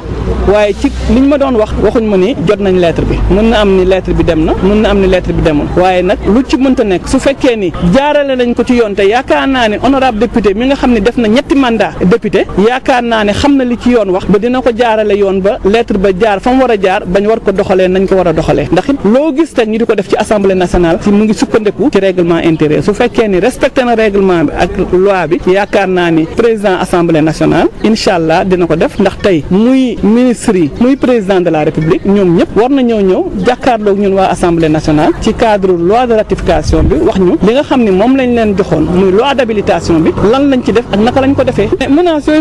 waaye ci li ñu ma doon wax waxuñ ma ni jot nañ lettre bi mën na am ni lettre bi dem na mën na am ni lettre bi demul waaye nag lu ci mënta nekk su fekkee ni jaarale nañ ko ci yoon te yaakaar naa ne honorable député mi nga xam ne def na ñetti mandat député yaakaar naa ne xam na li ci yoon wax ba dina ko jaarale yoon ba lettre ba jaar fa mu a jaar bañ war ko doxalee nañ ko war a doxalee ndax it loo gis teg ñi di ko def ci assemblée nationale si mu ngi sukkandiku ci règlement intérieur su fekkee ni respecté na règlement bi ak loi bi yaakaar naa ni président assemblée nationale incha dina ko def ndax tey muy ministre muy président de la république ñoom ñëpp war na ñëw ñëw jàkkaarloog ñun waa assemblée nationale ci cadre loi de ratification bi wax ñu li nga xam ne moom lañ leen joxoon muy loi d'habilitation ko defee menaces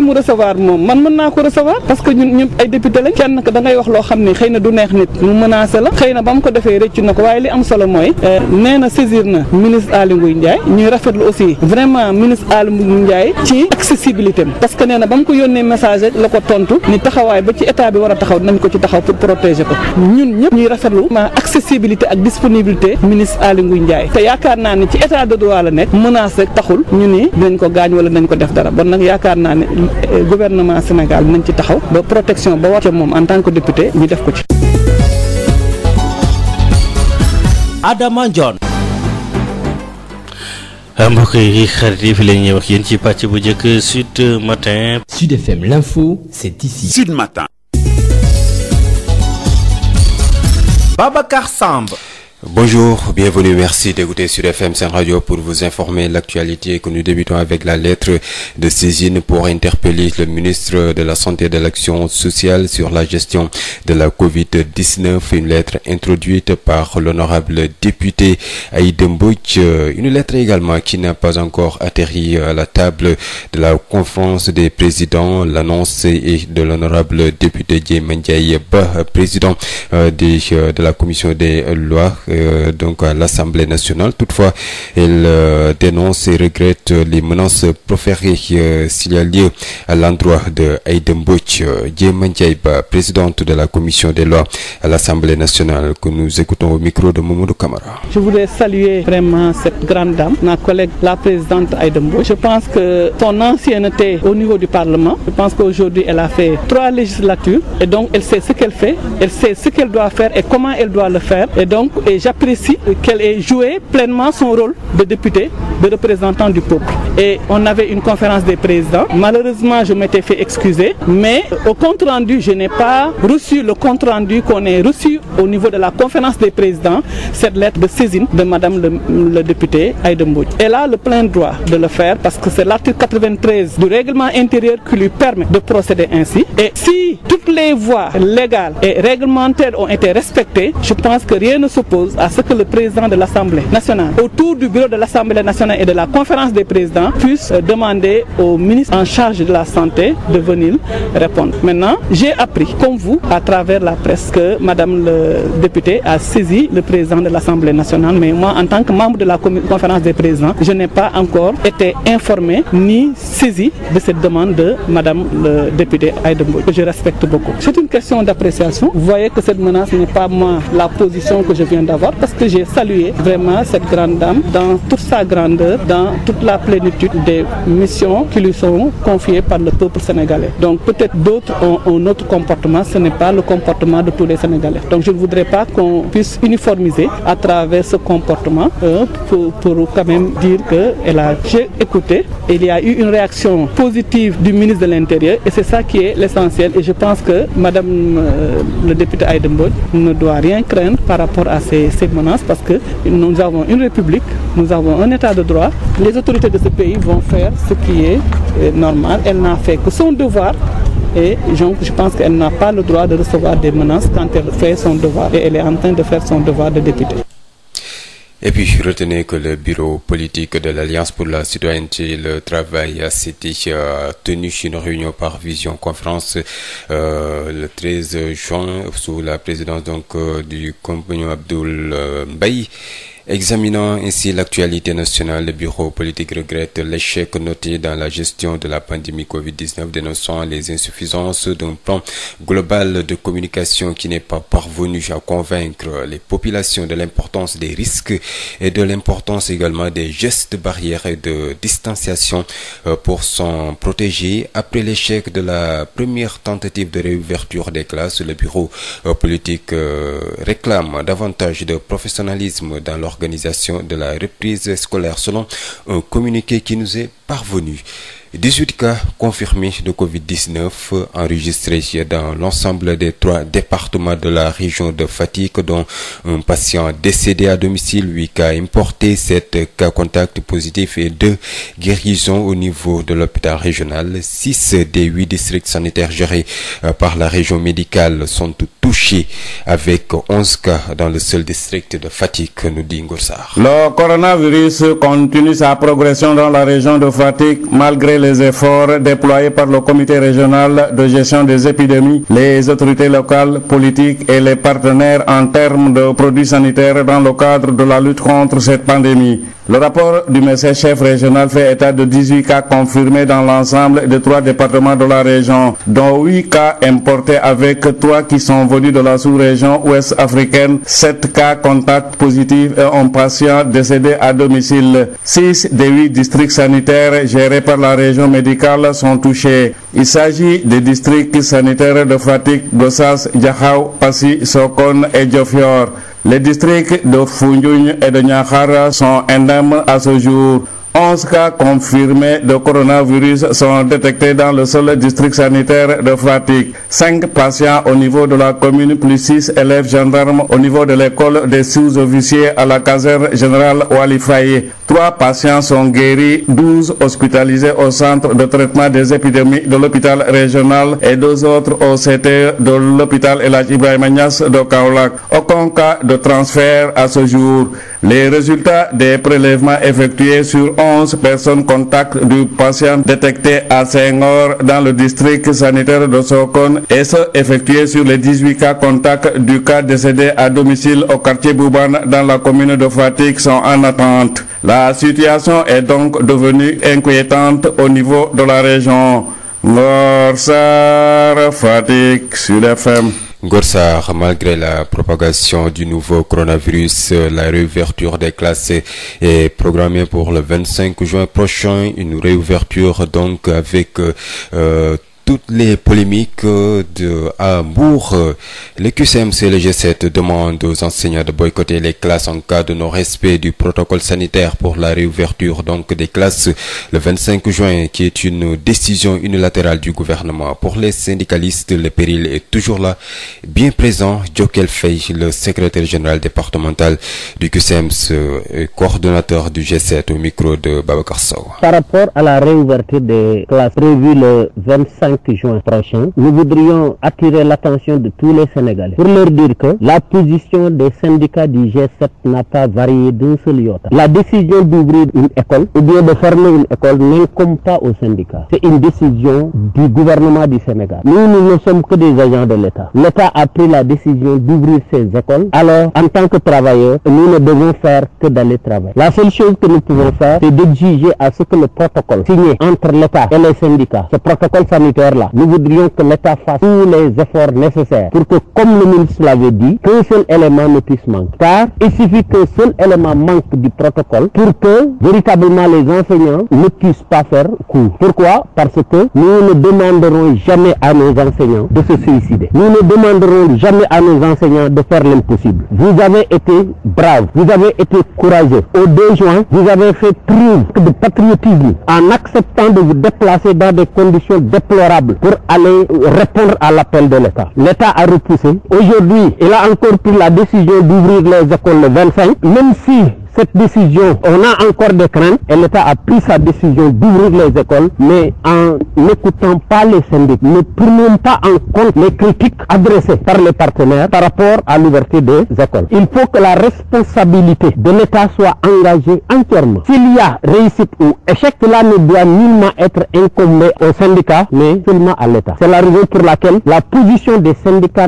menacé la xëy na ba mu ko defee rëccu na ko waaye li am solo mooy euh, nee na saisir na ministre Aly Ngouille Ndiaye ñuy rafetlu aussi vraiment ministre Aly Ngouille Ndiaye ci accessibilité am parce que nee na ba mu ko yónnee message rek la ko tontu ni taxawaay ba ci état bi war a taxaw nañ ko ci taxaw pour protéger ko ñun ñëpp ñuy rafetlu ma accessibilité ak disponibilité ministre Aly Ngouille Ndiaye te yaakaar naa ni ci état de droit la nekk menace rek taxul ñu ni dinañ ko gaañ wala dinañ ko def dara bon nag yaakaar naa ne euh, gouvernement Sénégal dinañ ci taxaw ba protection ba war moom en tant que député ñu def ko ci Adama Ndione ah, mbokk yi xarit yi fi la ñuy wax yéen ci pàcc bu njëkk Sud Matin. Sud FM l'info c'est ici. Sud Matin. Bonjour, bienvenue, merci d'écouter sur FM Sen Radio pour vous informer l'actualité que nous débutons avec la lettre de saisine pour interpeller de la Santé et de l'Action sociale sur la gestion de la Covid-19, une lettre introduite par l'honorable député Aïda Mbouch, une lettre également qui n'a pas encore atterri à la table de la conférence des présidents, l'annonce est de l'honorable député Dieye Mandiaye Ba, président euh, euh, de la commission des lois euh, donc à l'Assemblée nationale. Toutefois, elle euh, dénonce et regrette euh, les menaces proférées euh, s'il y a lieu à l'endroit de Aïda Mbodj. Euh, Diema Ndiaye Ba, présidente de la commission des lois à l'Assemblée nationale, que nous écoutons au micro de Mamadou Camara. Je voulais saluer vraiment cette grande dame, ma collègue, la présidente Aïda Mbodj. Je pense que son ancienneté au niveau du Parlement, elle a fait trois législatures et qu'elle sait ce qu'elle doit faire et comment elle doit le faire. j'apprécie qu'elle ait joué pleinement son rôle de députée, de représentant du peuple. une conférence des présidents. Malheureusement, je m'étais fait mais au compte rendu, je n'ai le compte rendu qu'on ait au niveau de la conférence des présidents, cette lettre de saisine de Madame le, le député Aydemboud. Elle a le plein droit de le faire parce que c'est l'article 93 du règlement intérieur qui lui permet de procéder ainsi. Et si toutes les voies légales et réglementaires ont été je pense que rien propose à ce que le président de l'Assemblée nationale, autour du bureau de l'Assemblée nationale et de la conférence des présidents, puisse euh, demander au ministre en charge de la santé de venir répondre. Maintenant, j'ai appris, comme vous, à travers la presse, que Madame le député a saisi le président de l'Assemblée nationale, mais moi, en tant que membre de la conférence des présidents, je n'ai pas encore été informé ni saisi de cette demande de Madame le député Aydembo, que je respecte beaucoup. C'est une question d'appréciation. Vous voyez que savoir parce que j'ai salué vraiment cette grande dame dans toute sa grandeur, dans toute la plénitude des missions qui lui sont confiées par le peuple sénégalais. Donc peut-être d'autres ont un autre comportement, ce n'est pas le comportement de tous les Sénégalais. Donc je ne voudrais pas qu'on puisse uniformiser à travers ce comportement euh, pour, pour, quand même dire qu'elle a écouté. Il y a eu une réaction positive du ministre de l'Intérieur et c'est ça qui est je pense que Madame euh, le député Aydembourg ne doit rien par rapport à ces cette menace parce que nous avons une république, nous avons un état de droit. Les autorités de ce pays vont faire ce qui est euh, normal. Elle n'a fait que son devoir et donc je pense qu'elle n'a pas le droit de recevoir des menaces quand elle fait son devoir et elle est en train de faire son devoir de députée. Et puis, retenez que le bureau politique de l'Alliance pour la citoyenneté et le travail a cité a euh, tenu une réunion par vision conférence euh, le 13 juin sous la présidence donc euh, du compagnon Abdoul euh, Mbaye. Examinant ainsi l'actualité nationale, le bureau politique regrette l'échec noté dans la gestion de la pandémie Covid-19, dénonçant les insuffisances d'un plan global de communication qui n'est pas parvenu à convaincre les populations de l'importance des risques et de l'importance également des gestes barrières et de distanciation euh, pour s'en protéger. Après l'échec de la première tentative de réouverture des classes, le bureau euh, politique euh, réclame davantage de professionnalisme dans l'organisation l'organisation de la reprise scolaire selon un communiqué qui nous est parvenu. 18 cas confirmés de Covid-19 enregistrés dans l'ensemble des trois départements de la région de Fatick, dont un patient décédé à domicile, 8 cas importés, 7 cas contacts positifs et 2 guérisons au niveau de l'hôpital régional. 6 des 8 districts sanitaires gérés euh, par la région médicale sont touchés avec 11 cas dans le seul district de Fatick, nous dit Le coronavirus continue sa progression dans la région de Fatick les efforts déployés par le comité régional de gestion des épidémies, les autorités locales, politiques et les partenaires en termes de produits sanitaires dans le cadre de la lutte contre cette pandémie. Le rapport du médecin chef régional fait état de 18 cas confirmés dans l'ensemble des trois départements de la région, dont 8 cas importés avec 3 qui sont venus de la sous-région ouest africaine, 7 cas contacts positifs et un patient décédé à domicile. 6 des 8 districts sanitaires gérés par la région médicale sont touchés. Il s'agit des districts sanitaires de Fatick, Gossas, Diakhao, Passy, Sokone et Diofior. Les districts de Fungyuny et de Nyahara sont indemnes à ce jour. 11 cas confirmés de coronavirus sont détectés dans le seul district sanitaire de Fatick. 5 patients au niveau de la commune plus 6 élèves gendarmes au niveau de l'école des sous-officiers à la caserne générale Wali Faye. Trois patients sont guéris, 12 hospitalisés au centre de traitement des épidémies de l'hôpital régional et deux autres au CT de l'hôpital El la Ibrahima Niass de Kaolack. Aucun cas de transfert à ce jour. Les résultats des prélèvements effectués sur 11 personnes contacts du patient détecté à Senghor dans le district sanitaire de Sokone et ceux effectués sur les 18 cas contacts du cas décédé à domicile au quartier Boubane dans la commune de Fatick La situation est donc devenue inquiétante au niveau de la région. Ngor Sarr, Ngor Sarr, malgré la propagation du nouveau coronavirus, la réouverture des classes est programmée pour le 25 juin prochain. Une réouverture donc avec euh, toutes les polémiques de à Mbour. Le QCMC et le G7 demandent aux enseignants de boycotter les classes en cas de non-respect du protocole sanitaire pour la réouverture donc des classes le 25 juin, qui est une décision le péril est toujours là, bien présent. Diokel le secrétaire général départemental du QCMC et coordonnateur du G7 micro de Babacar 5 juin nous voudrions attirer l'attention de tous les Sénégalais pour leur dire que la position des syndicats du G7 n'a pas varié d'un seul iota. La décision d'ouvrir une école ou bien de fermer une école n'incombe pas aux syndicats. C'est une décision du gouvernement du Sénégal. Nous, nous ne sommes que des agents de l'État. L'État a pris la décision d'ouvrir ces écoles. Alors, en tant que travailleurs, nous ne devons faire que d'aller travailler. La seule secteur-là, nous voudrions que l'État fasse tous les efforts nécessaires pour que, comme le ministre l'avait dit, qu'un seul élément ne puisse manquer. Car il suffit qu'un seul élément manque du protocole pour véritablement les enseignants ne puissent pas faire cours. Pourquoi Parce que nous ne demanderons jamais à nos enseignants de faire l'impossible. Vous avez été braves, vous avez été courageux. Au juin, vous avez fait preuve de patriotisme en acceptant de pour aller répondre à l'appel de l'État. L'État a repoussé. Aujourd'hui, il a encore pris la décision d'ouvrir les écoles le même si cette décision, on a encore des craintes et l'État a pris sa décision d'ouvrir les écoles, mais en n'écoutant pas les syndics, ne prenant pas en compte les critiques adressées par les partenaires par rapport à l'ouverture des écoles. Il faut que la responsabilité de l'État soit engagée entièrement. S'il y a réussite ou échec, cela ne doit nullement être incombé aux syndicats, mais seulement à l'État. C'est la raison pour laquelle la position des syndicats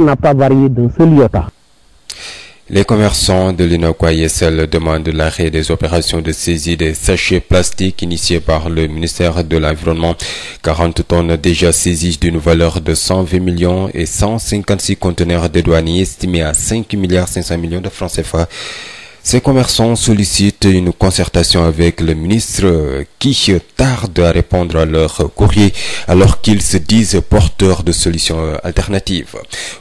Les commerçants de l'Unacois Yessel demandent l'arrêt des opérations de saisie des sachets plastiques initiées par le ministère de l'Environnement. 40 tonnes déjà saisies d'une valeur de 120 millions et 156 conteneurs de douane estimés à Ces commerçants sollicitent une concertation avec le ministre qui tarde à répondre à leur courrier alors qu'ils se disent porteurs de solutions alternatives.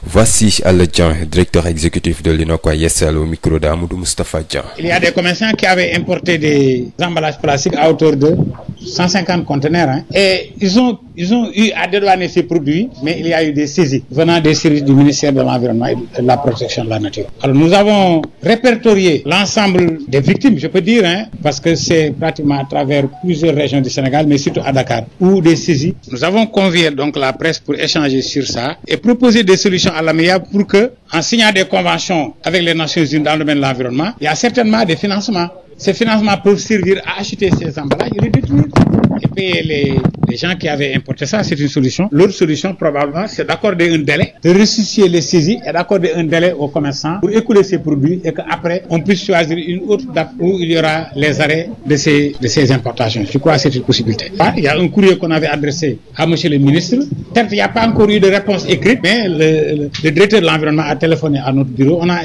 Voici Alla Dieng, directeur exécutif de l'Unacois Yessal au micro d'Amadou Moustapha Dieng. Il y a des commerçants qui avaient importé des emballages plastiques à hauteur de 150 et ils ils ont eu à dédouaner ces produits, mais il y a eu des saisies venant des services du ministère de l'Environnement et de la Protection de la Nature. nous avons répertorié l'ensemble des victimes, je peux dire, parce que c'est pratiquement à travers plusieurs régions du Sénégal, mais surtout à Dakar, où des saisies. Nous avons convié donc la presse pour échanger sur ça et proposer des solutions Nations Unies dans le domaine de l'environnement, il y a certainement des Ces financements peuvent servir à acheter ces emballages et les détruire et payer les, gens qui avaient importé c'est une solution. L'autre solution, probablement, c'est d'accorder un délai, de ressusciter les saisies et d'accorder un délai aux commerçants pour écouler ces produits et qu'après, on puisse choisir une autre date où il y les arrêts de ces, de ces Je crois que c'est une possibilité. Ah, il y a un courrier qu'on avait adressé à monsieur le ministre. Certes, il n'y a pas encore eu de réponse écrite, mais le, directeur On a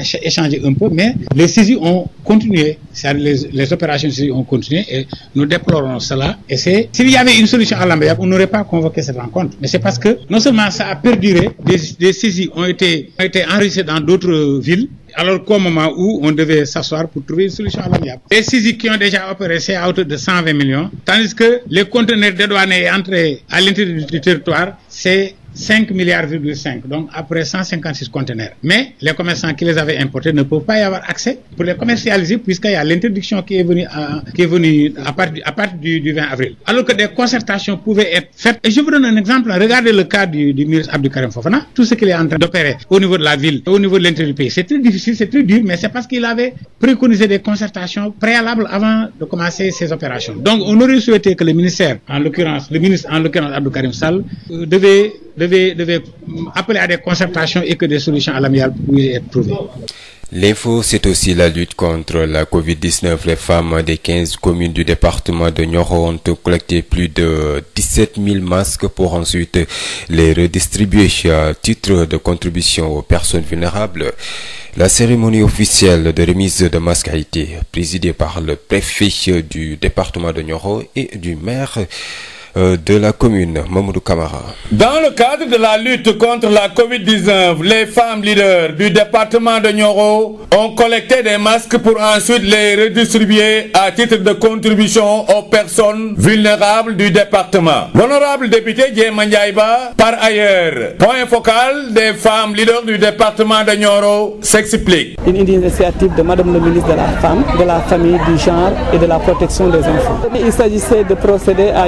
les, les opérations ont continué et nous déplorons cela. Et c'est, s'il y avait une solution à l'amiable, on n'aurait pas convoqué cette rencontre. Mais c'est parce que non seulement ça a perduré, des, des saisies ont été, ont été enregistrées dans d'autres villes, alors qu'au moment où on devait s'asseoir pour trouver une solution à l'amiable. Les saisies qui ont déjà opéré, c'est à hauteur de 120 millions, tandis que les conteneurs dédouanés entrés à l'intérieur du territoire, c'est 5 milliards virgule 5 donc après 156 conteneurs mais les commerçants qui les avaient ne peuvent pas y avoir accès pour les commercialiser puisqu'il y a l'interdiction qui est venue euh, avril alors que des concertations pouvaient être faites et je vous donne un exemple regardez le cas du ministre Abdou Karim tout ce qu'il est en train d'opérer au niveau de la ville au niveau de l'intérieur du pays c'est très difficile c'est très dur mais c'est parce qu'il avait devait, devait appeler à des concertations et que des la lutte contre la Covid-19. Les femmes des 15 communes du département de Nioro ont collecté plus de 17 000 masques pour ensuite les redistribuer titre de contribution personnes vulnérables. La cérémonie officielle de remise de masques a été présidée par le département de Nioro et Euh, de la commune Mamadou Camara. Dans le cadre de la lutte contre la Covid-19, les femmes leaders du département de Nioro ont collecté des masques pour ensuite les redistribuer à titre de contribution aux personnes vulnérables du département. L'honorable député Diema Ndiaye Ba, par ailleurs, point focal des femmes leaders du département de Nioro, s'explique. Une initiative de Madame le ministre de la Femme, de la Famille, du Genre et de la Protection des enfants. Il s'agissait de procéder à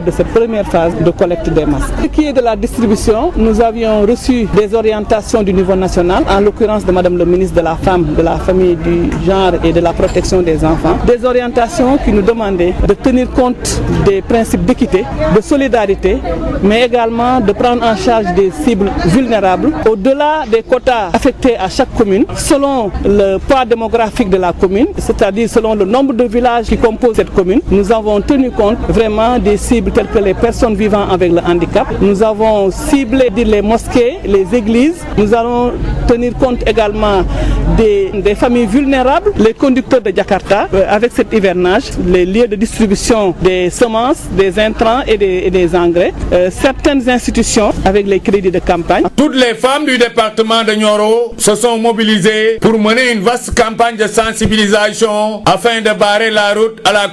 lors de cette première phase de collecte des masques. Ce qui est de la distribution, nous avions reçu des orientations du niveau national, en l'occurrence de Madame le ministre de la Femme, de la Famille, du Genre et de la Protection des Enfants, des orientations qui nous demandaient de tenir compte des principes d'équité, de solidarité, mais également de prendre en charge des cibles vulnérables au-delà des quotas affectés à chaque commune selon le poids démographique de la commune, c'est-à-dire selon le de villages qui composent telles que les personnes vivant avec le handicap. Nous avons ciblé les mosquées, les églises. Nous allons tenir des, des familles vulnérables, les conducteurs de Jakarta. Euh, avec les lieux de distribution des semences, des intrants et des, et des engrais. Euh, certaines institutions avec les crédits de campagne. Toutes les femmes de Nioro se sont mobilisées pour campagne de sensibilisation afin de la à la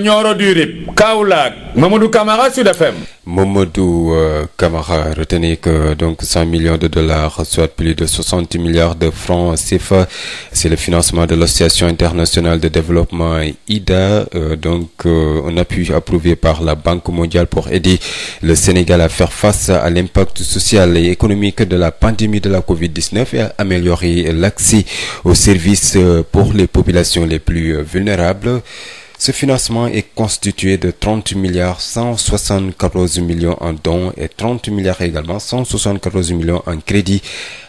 Nioro du Rip Kaolack Mamadou Camara Sud FM. Mamadou euh, Camara retenez que donc cent millions de dollars soit plus de soixante milliards de francs CFA c'est le financement de l'association internationale de développement IDA euh, donc euh, un appui approuvé par la Banque mondiale pour aider le Sénégal à faire face à l'impact social et économique de la pandémie de la Covid-19 et à améliorer l'accès aux services euh, pour les populations les plus vulnérables. Ce financement est constitué de 30 milliards 174 millions en dons et 30 milliards également 174 millions en crédits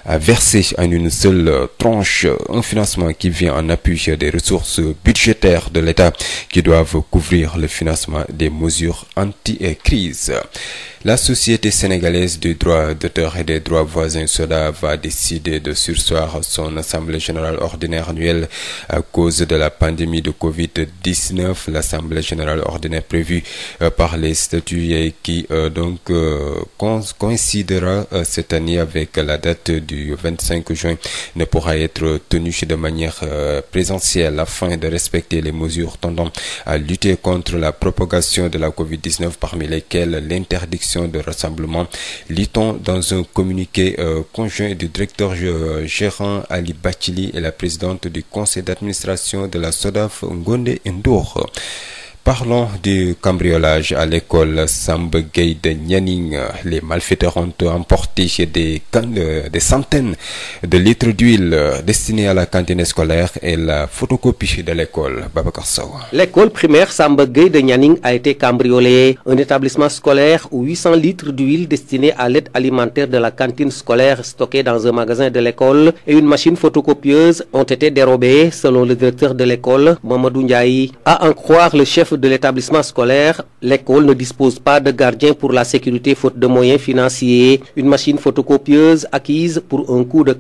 versés en une seule tranche. Un financement qui vient en appui des ressources budgétaires de l'État qui doivent couvrir le financement des mesures anti-crise. La Société sénégalaise des droits d'auteur et des droits voisins SODA va décider de sursoir son assemblée générale ordinaire annuelle à cause de la pandémie de covid 2019 l'assemblée générale ordinaire prévue euh, par les statuts et qui euh, donc euh, coïncidera cette année avec la date du 25 juin de manière les mesures tendant à la propagation de la Covid-19 parmi lesquelles l'interdiction de rassemblement lit-on dans un communiqué conjoint du directeur gérant Ali Bathily et la présidente de la Woche. Parlons du cambriolage à l'école Samba Gueye de Nianing. Les malfaiteurs ont emporté des, euh, des centaines de litres d'huile destinés à la cantine scolaire et la photocopie de l'école. Babacar Sow. L'école primaire Samba Gueye de Nianing a été cambriolée. Un établissement scolaire où 800 litres d'huile destinée à l'aide alimentaire de la cantine scolaire stockée dans un magasin de l'école et une machine photocopieuse ont été dérobées selon le directeur élèves de l'établissement scolaire, l'école ne dispose pas de gardien pour la sécurité faute de moyens financiers. Une machine photocopieuse acquise pour un coût de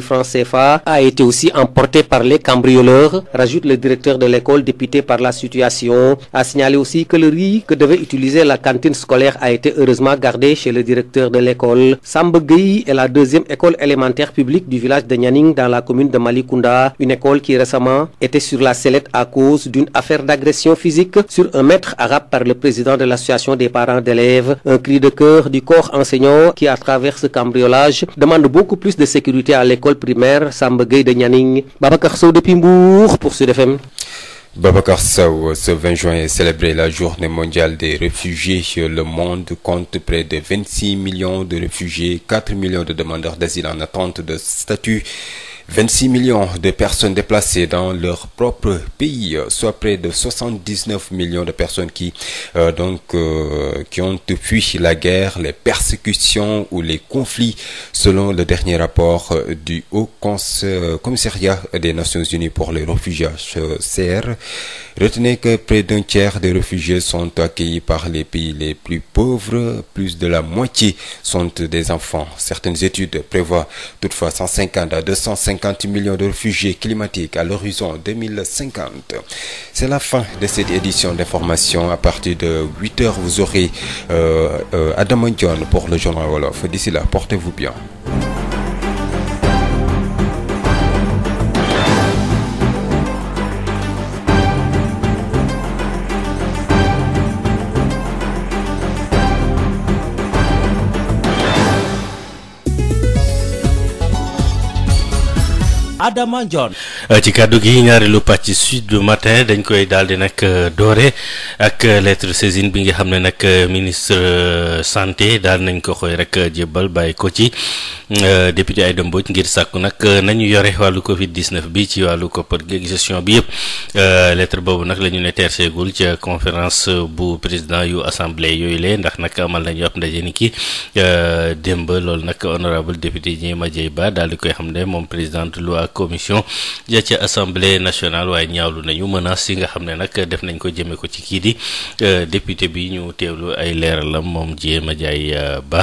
francs CFA a été aussi emportée par les cambrioleurs, rajoute le directeur de l'école dépité par la situation. A signalé aussi que le riz que devait utiliser la cantine scolaire a été heureusement gardé chez le directeur de l'école. Sambe est la deuxième école élémentaire publique du village publique sur un maître arabe par le président de l'association des parents d'élèves. Un cri de cœur du corps enseignant qui, à travers ce cambriolage, demande beaucoup plus de sécurité à l'école primaire Samba Gueye de Nianing. Babacar Sow depuis Mbour pour Sud FM. Babacar Sow, ce juin est célébré la journée mondiale des réfugiés. Le monde compte près de 26 millions de réfugiés, 4 millions de demandeurs d'asile en attente de statut. 26 millions de personnes déplacées dans leur propre pays, soit près de 79 millions de personnes qui euh, donc euh, qui ont fui la guerre, les persécutions ou les conflits, selon le dernier rapport euh, du Haut euh, Commissariat des Nations Unies pour les réfugiés CR. Retenez que près sont accueillis par les pays de la moitié sont des enfants. Certaines études prévoient 50 millions de réfugiés climatiques à l'horizon 2050. C'est la fin de cette édition d'information. À partir de 8 heures, vous aurez euh, euh, Adama Ndione pour le journal Wolof. D'ici là, portez-vous bien. Adama Ndione. Euh, ci kaddu gi ñaareelu pàcc sud du matin dañ koy daal di nag euh, doore ak euh, lettre saisine bi nga xam ne nag ministre santé daal nañ ko xooy rek jébbal bàyyi ko ci député Aïda Mbodj ngir sàkku nag nañu yore wàllu Covid 19 bi ci wàllu koppar gi ak gestion bi yëpp lettre boobu nag la ñu ne terseegul ca conférence bu président yu assemblée yooyu lee ndax nag amal nañu ab ndaje ni ki démb loolu nag honorable député Ndiéma Dièye Ba daal di koy xam ne moom présidente lu ak commission ya ca assemblée nationale waaye ñaawlu nañu mën menace yi nga xam ne nag def nañ ko jëmee ko ci kii di euh, député bi ñu teewlu ay leeralam moom Dié Madiaye euh, Ba.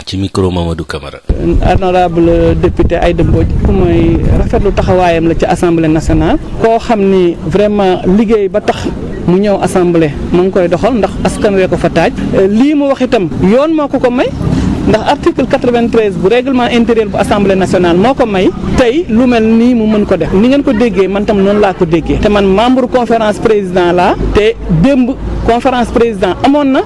ci micro Mamadou Camara. honorable député Aïda Mbodj mooy rafetlu taxawaayam la ci assemblée nationale. koo xam ni vraiment liggéey ba tax mu ñëw assemblée mu ngi koy doxal ndax askan wee ko fa taaj. lii mu wax yoon moo ko ko may. ndax article 93 bu règlement intérieur bu assemblée nationale moo ko may tey lu mel nii mu mën ko def ni ngeen ko déggee man tam noonu laa ko déggee te man membre conférence président laa te démb conférence président amoon na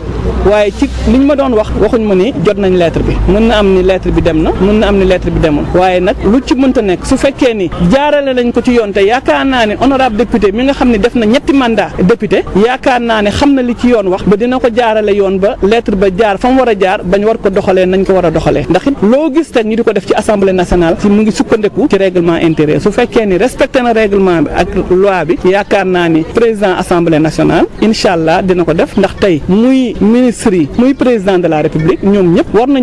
waaye ci li ñu ma doon wax waxuñ ma ni jot nañ lettre lettre bi mën na am ni lettre bi dem na mën na am ni lettre bi demul waaye nag lu ci mënta nekk su fekkee ni jaarale nañ ko ci yoon te yaakaar naa ne honorable député mi nga xam ne def na ñetti mandat député yaakaar naa ne xam na li ci yoon wax ba dina ko jaarale yoon ba lettre ba jaar fa mu war a jaar bañ war ko doxalee nañ ko war a doxalee ndax it loo gis teg ñu di ko def ci assemblée nationale ci mu ngi sukkandiku ci règlement intérieur su fekkee ni respecté na règlement bi ak loi bi naa ni président assemblée nationale incha allah dina ko def ndax tey muy ministre yi muy président de la république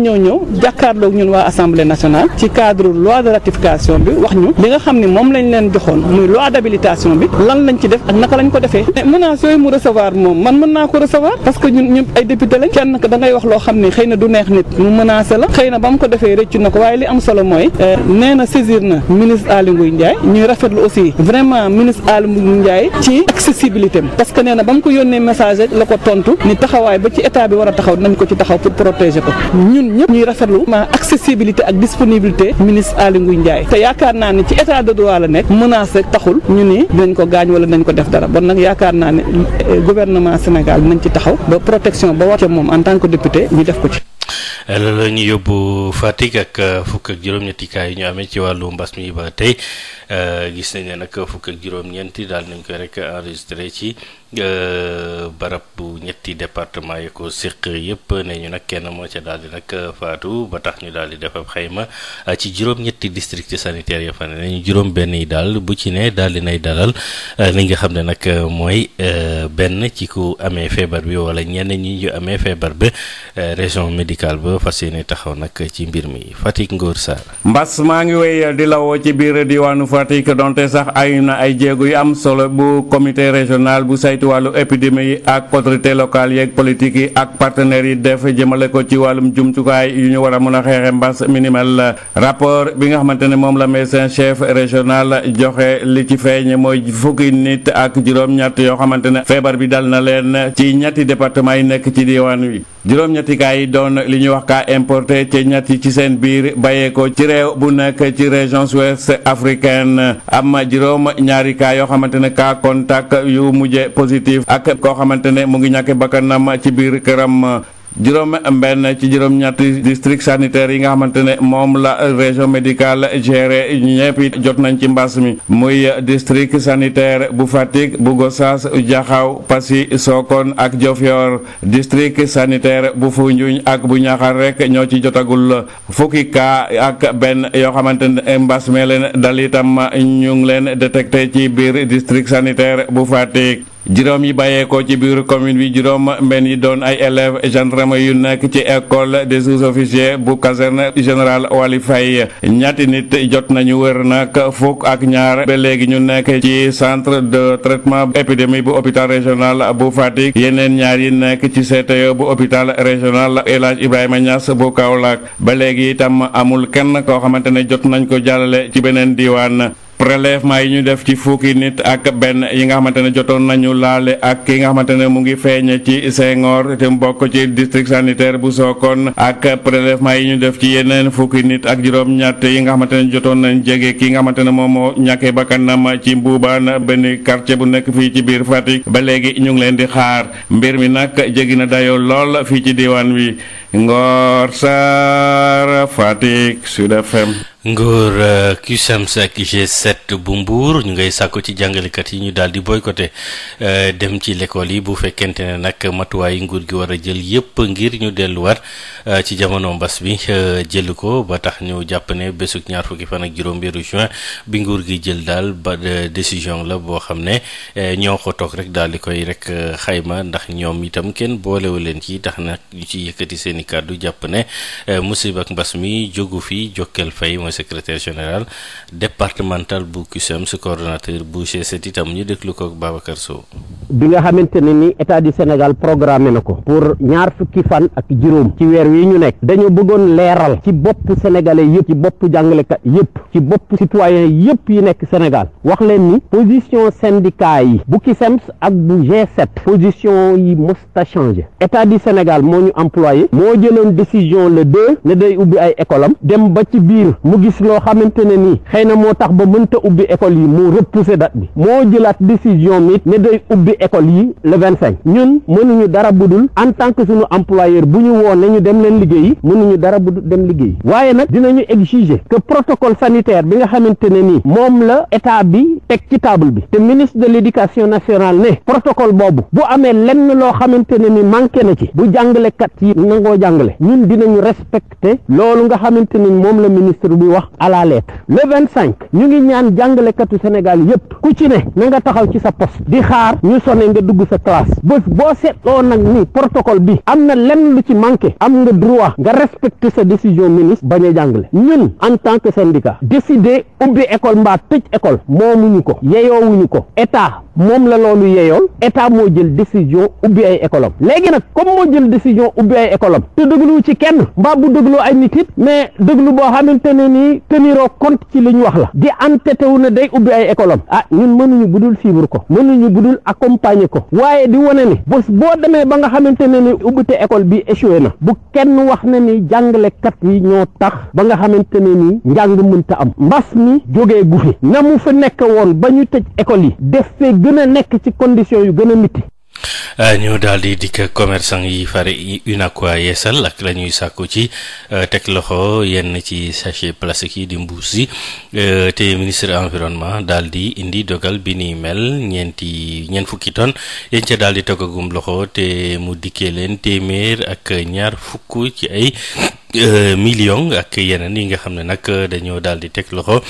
ñoo ñëw jàkkaarloog ñun waa assemblée nationale ci cadre loi de ratification bi wax ñu li nga xam ne moom lañ leen joxoon muy loi d'habilitation bi lan lañ ci def ak naka lañ ko defee mais menaces yooyu mu recevoir moom man mën naa ko recevoir parce que ñun ñun ay député lañ kenn da ngay wax loo xam ne xëy na du neex nit mu menacé la xëy na ba mu ko defee rëccu na ko waaye li am solo mooy euh, nee na saisir na ministre Aly Ngouille Ndiaye ñuy rafet aussi vraiment ministre Aly Ngouille Ndiaye ci accessibilité am parce que nee na ba mu ko yónnee message la ko tontu ni taxawaay ba ci état war a taxaw nañ ko ci taxaw pour protéger ko ñëpp ñuy rafetlu ma accessibilité ak disponibilité ministre Aly Ngouille Ndiaye te yaakaar naa ni ci état de droit la nekk menace taxul ñu ni dinañ ko gaañ wala nañ ko def dara bon nag yaakaar naa ne eh, gouvernement Sénégal nañ ci taxaw ba protection ba war ca moom en tant que député ñu def ko ci. Eh, loolu la ñu yóbbu Fatick ak euh, fukk ak juróom-ñetti cas yi ñu amee ci wàllu mbas mi ba tey euh, gis nañ ne nag fukk ak juróom-ñeenti daal nañ koy rek enregistré ci. Euh, barab bu ñetti département yi ko séq yëpp ne ñu nag kenn moo ca daal di nag euh, faatu ba tax ñu daal di def ab xayma euh, ci juróom-ñetti district sanitaire ya fa ne nañu juróom benn yi daal bu ci ne daal di nay dalal li nga xam ne nag mooy benn ci ku amee feebar bi wala ñenn ñi ñu amee feebar bi région médical ba fas yéene taxaw nag ci mbir mi Fatick Ngor Sarr. Mbas maa ngi wéy di lawoo ci biir diwaanu Fatick donte sax ay na ay jéego yu am solo bu comité régional ci wàllu épidémie yi ak autorité locale yeeg politique yi ak partenaires yi def jëmale ko ci wàllum jumtukaay yu ñu war a mën a xeexe mbas minimal rapport bi nga xamante ne moom la médecin chef régional joxe li ci feeñ mooy fukki nit ak juróom-ñett yoo xamante ne feebar bi dal na leen ci ñetti département yi nekk ci diwaan yi juróom-ñetti kaa yi doon li ñuy wax kaa importé ci ñetti ci seen biir bàyyeekoo ci réew bu nekk ci région ouest africaine am juróom ñaari kaa yoo xamante ne kaa contact yu mujje positif ak koo xamante ne mu ngi ñàkk bakkanam ci biir këram juróom benn ci juróom ñetti district sanitaire yi nga xamante ne moom la région médicale géré ñëpp it jot nañ ci mbas mi muy district sanitaire bu Fatick bu Gossas Jaxaw Passy Sokone ak Diofior district sanitaire bu Foundiougne ak bu Niakhar rek ñoo ci jotagul fukki cas ak benn yoo xamante ne mbas mee leen dal itam ñu ngi leen détecté ci biir district sanitaire bu Fatick juróom yi bàyyeekoo ci biir commune bi juróom mbenn yi doon ay élèves gendarme yu nekk ci école des sous-officiers bu caserne général walifay Faye ñaati nit jot nañu wër nag fukk ak ñaar ba léegi ñu nekk ci centre de traitement épidémie bu hôpital régional bu Fatick yeneen ñaar yi nekk ci CTO e bu hôpital régional El Hadj Ibrahima Niass bu Kaolack ba léegi itam amul kenn koo xamante ne jot nañ ko jàllale ci beneen diwaan. prélèvement yi ñu def ci fukki nit ak benn yi nga xamante ne jotoon nañu laale ak ki nga xamante ne mu ngi feeñ ci Senghor te mu bokk ci district sanitaire bu Sokone ak prélèvement yi ñu def ci yeneen fukki nit ak juróom-ñett yi nga xamante ne jotoon nañ jege kii nga xamante ne moom moo ñàkkee bakkanam ci mbuubaan benn quartier bu nekk fii ci biir Fatick ba léegi ñu ngi leen di xaar mbir mi nag jéggi na dayoo lool fii ci diwaan wi Ngor Sara Fatick FM. Ngor CUSEMS eh, ak G7 bu Mbour ñu ngay sàkku ci jàngalekat yi ñu daal di boycotté eh, dem ci l'école yi bu fekkente ne nag matuwaay nguur gi war a jël yépp ngir ñu delluwaat eh, ci jamono mbas bi jël ko ba tax ñu jàpp ne bésuk ñaar fukki fan ak juróom weeru juin bi nguur gi jël daal ba décision la boo xam ne ñoo ko toog rek daal di koy rek xayma ndax ñoom itam kenn boolewu leen ci tax nag ñu ci yëkkati seen i kàddu jàpp ne eh, musiba ak mbas mi jógu fi Jokal Faye mooy secrétaire général départemental bu CUSEMS su coordonnateur bu G7 itam ñu déglu ko ak Babacar bi nga xamante ne ni état du Sénégal programmé na ko pour ñaar fukki fan ak juróom ci weer wi ñu nekk dañu bëggoon leeral ci bopp sénégalais yëpp ci bopp jàngalekat yëpp ci bopp citoyen yëpp yi nekk Sénégal wax leen ni position syndicat yi bu CUSEMS ak bu g position yi mosta changé état du Sénégal moo ñu employé moo moo jëloon décision le deux ne day ubbi ay école am dem ba ci biir mu gis loo xamante ne nii xëy na moo tax ba mënta ubbi école yi mu repousser date bi moo jëlaat décision mi ne day ubbi école yi le ñun mënuñu dara budul en tant que suñu employeur bu ñu woon ne ñu dem leen liggéeyi mënuñu dara budul dem liggéeyi waaye nag dinañu exiger que protocole sanitaire bi nga xamante ne nii moom la état bi teg ci table bi te ministre de l' éducation nationale na ci bu jàngale ñun dinañu respecté loolu nga xamante ni moom la ministre bi wax à la le ñu ngi ñaan jàngalekatu Sénégal yépp ku ci ne na nga taxaw ci sa poste di xaar ñu sone nga dugg sa classe bés boo seetloo nag ni protocole bi am na lenn lu ci manqué am nga droit nga respecté sa décision ministre bañ a jàngale ñun en tant que syndicat décider ubbi école mbaa tëj école moomuñu ko yeyoowuñu ko état moom la loolu yeyool état moo jël décision ubbi ay école am moo jël décision nit te dégluwu ci kenn mbaa bu dégloo ay nit it mais déglu boo xamante ne nii teniroo kont ci li ñu wax la di entêté wu ne day ubbi ay école ah ñun mënuñu budul suivre ko mënuñu budul accompagner ko waaye di wane ni bés boo demee ba nga xamante ne ni ubbite école bi échoué na bu kenn wax ne ni jàngalekat yi ñoo tax ba nga xamante ne ni njàng mënta am mbas mi jógee gu fi na mu fa nekk woon ba ñu tëj école yi def fee gën a nekk ci condition yu gën a miti Eh, ñoo daldi dikk commerçant yi fare UNACOIS e yeesal ak lañuy ñuy sàkku ci eh, teg loxo yenn ci sachet plastique yi di mbuus yi eh, te ministre environnement daal di indi dogal bi ni mel ñeenti ñeent fukki ton yéen ca daal di toggagum loxo te mu dikkee leen téeméer ak ñaar fukk ci ay Euh, millions ak yeneen yi nga xam ne nag euh, dañoo daal di teg loxo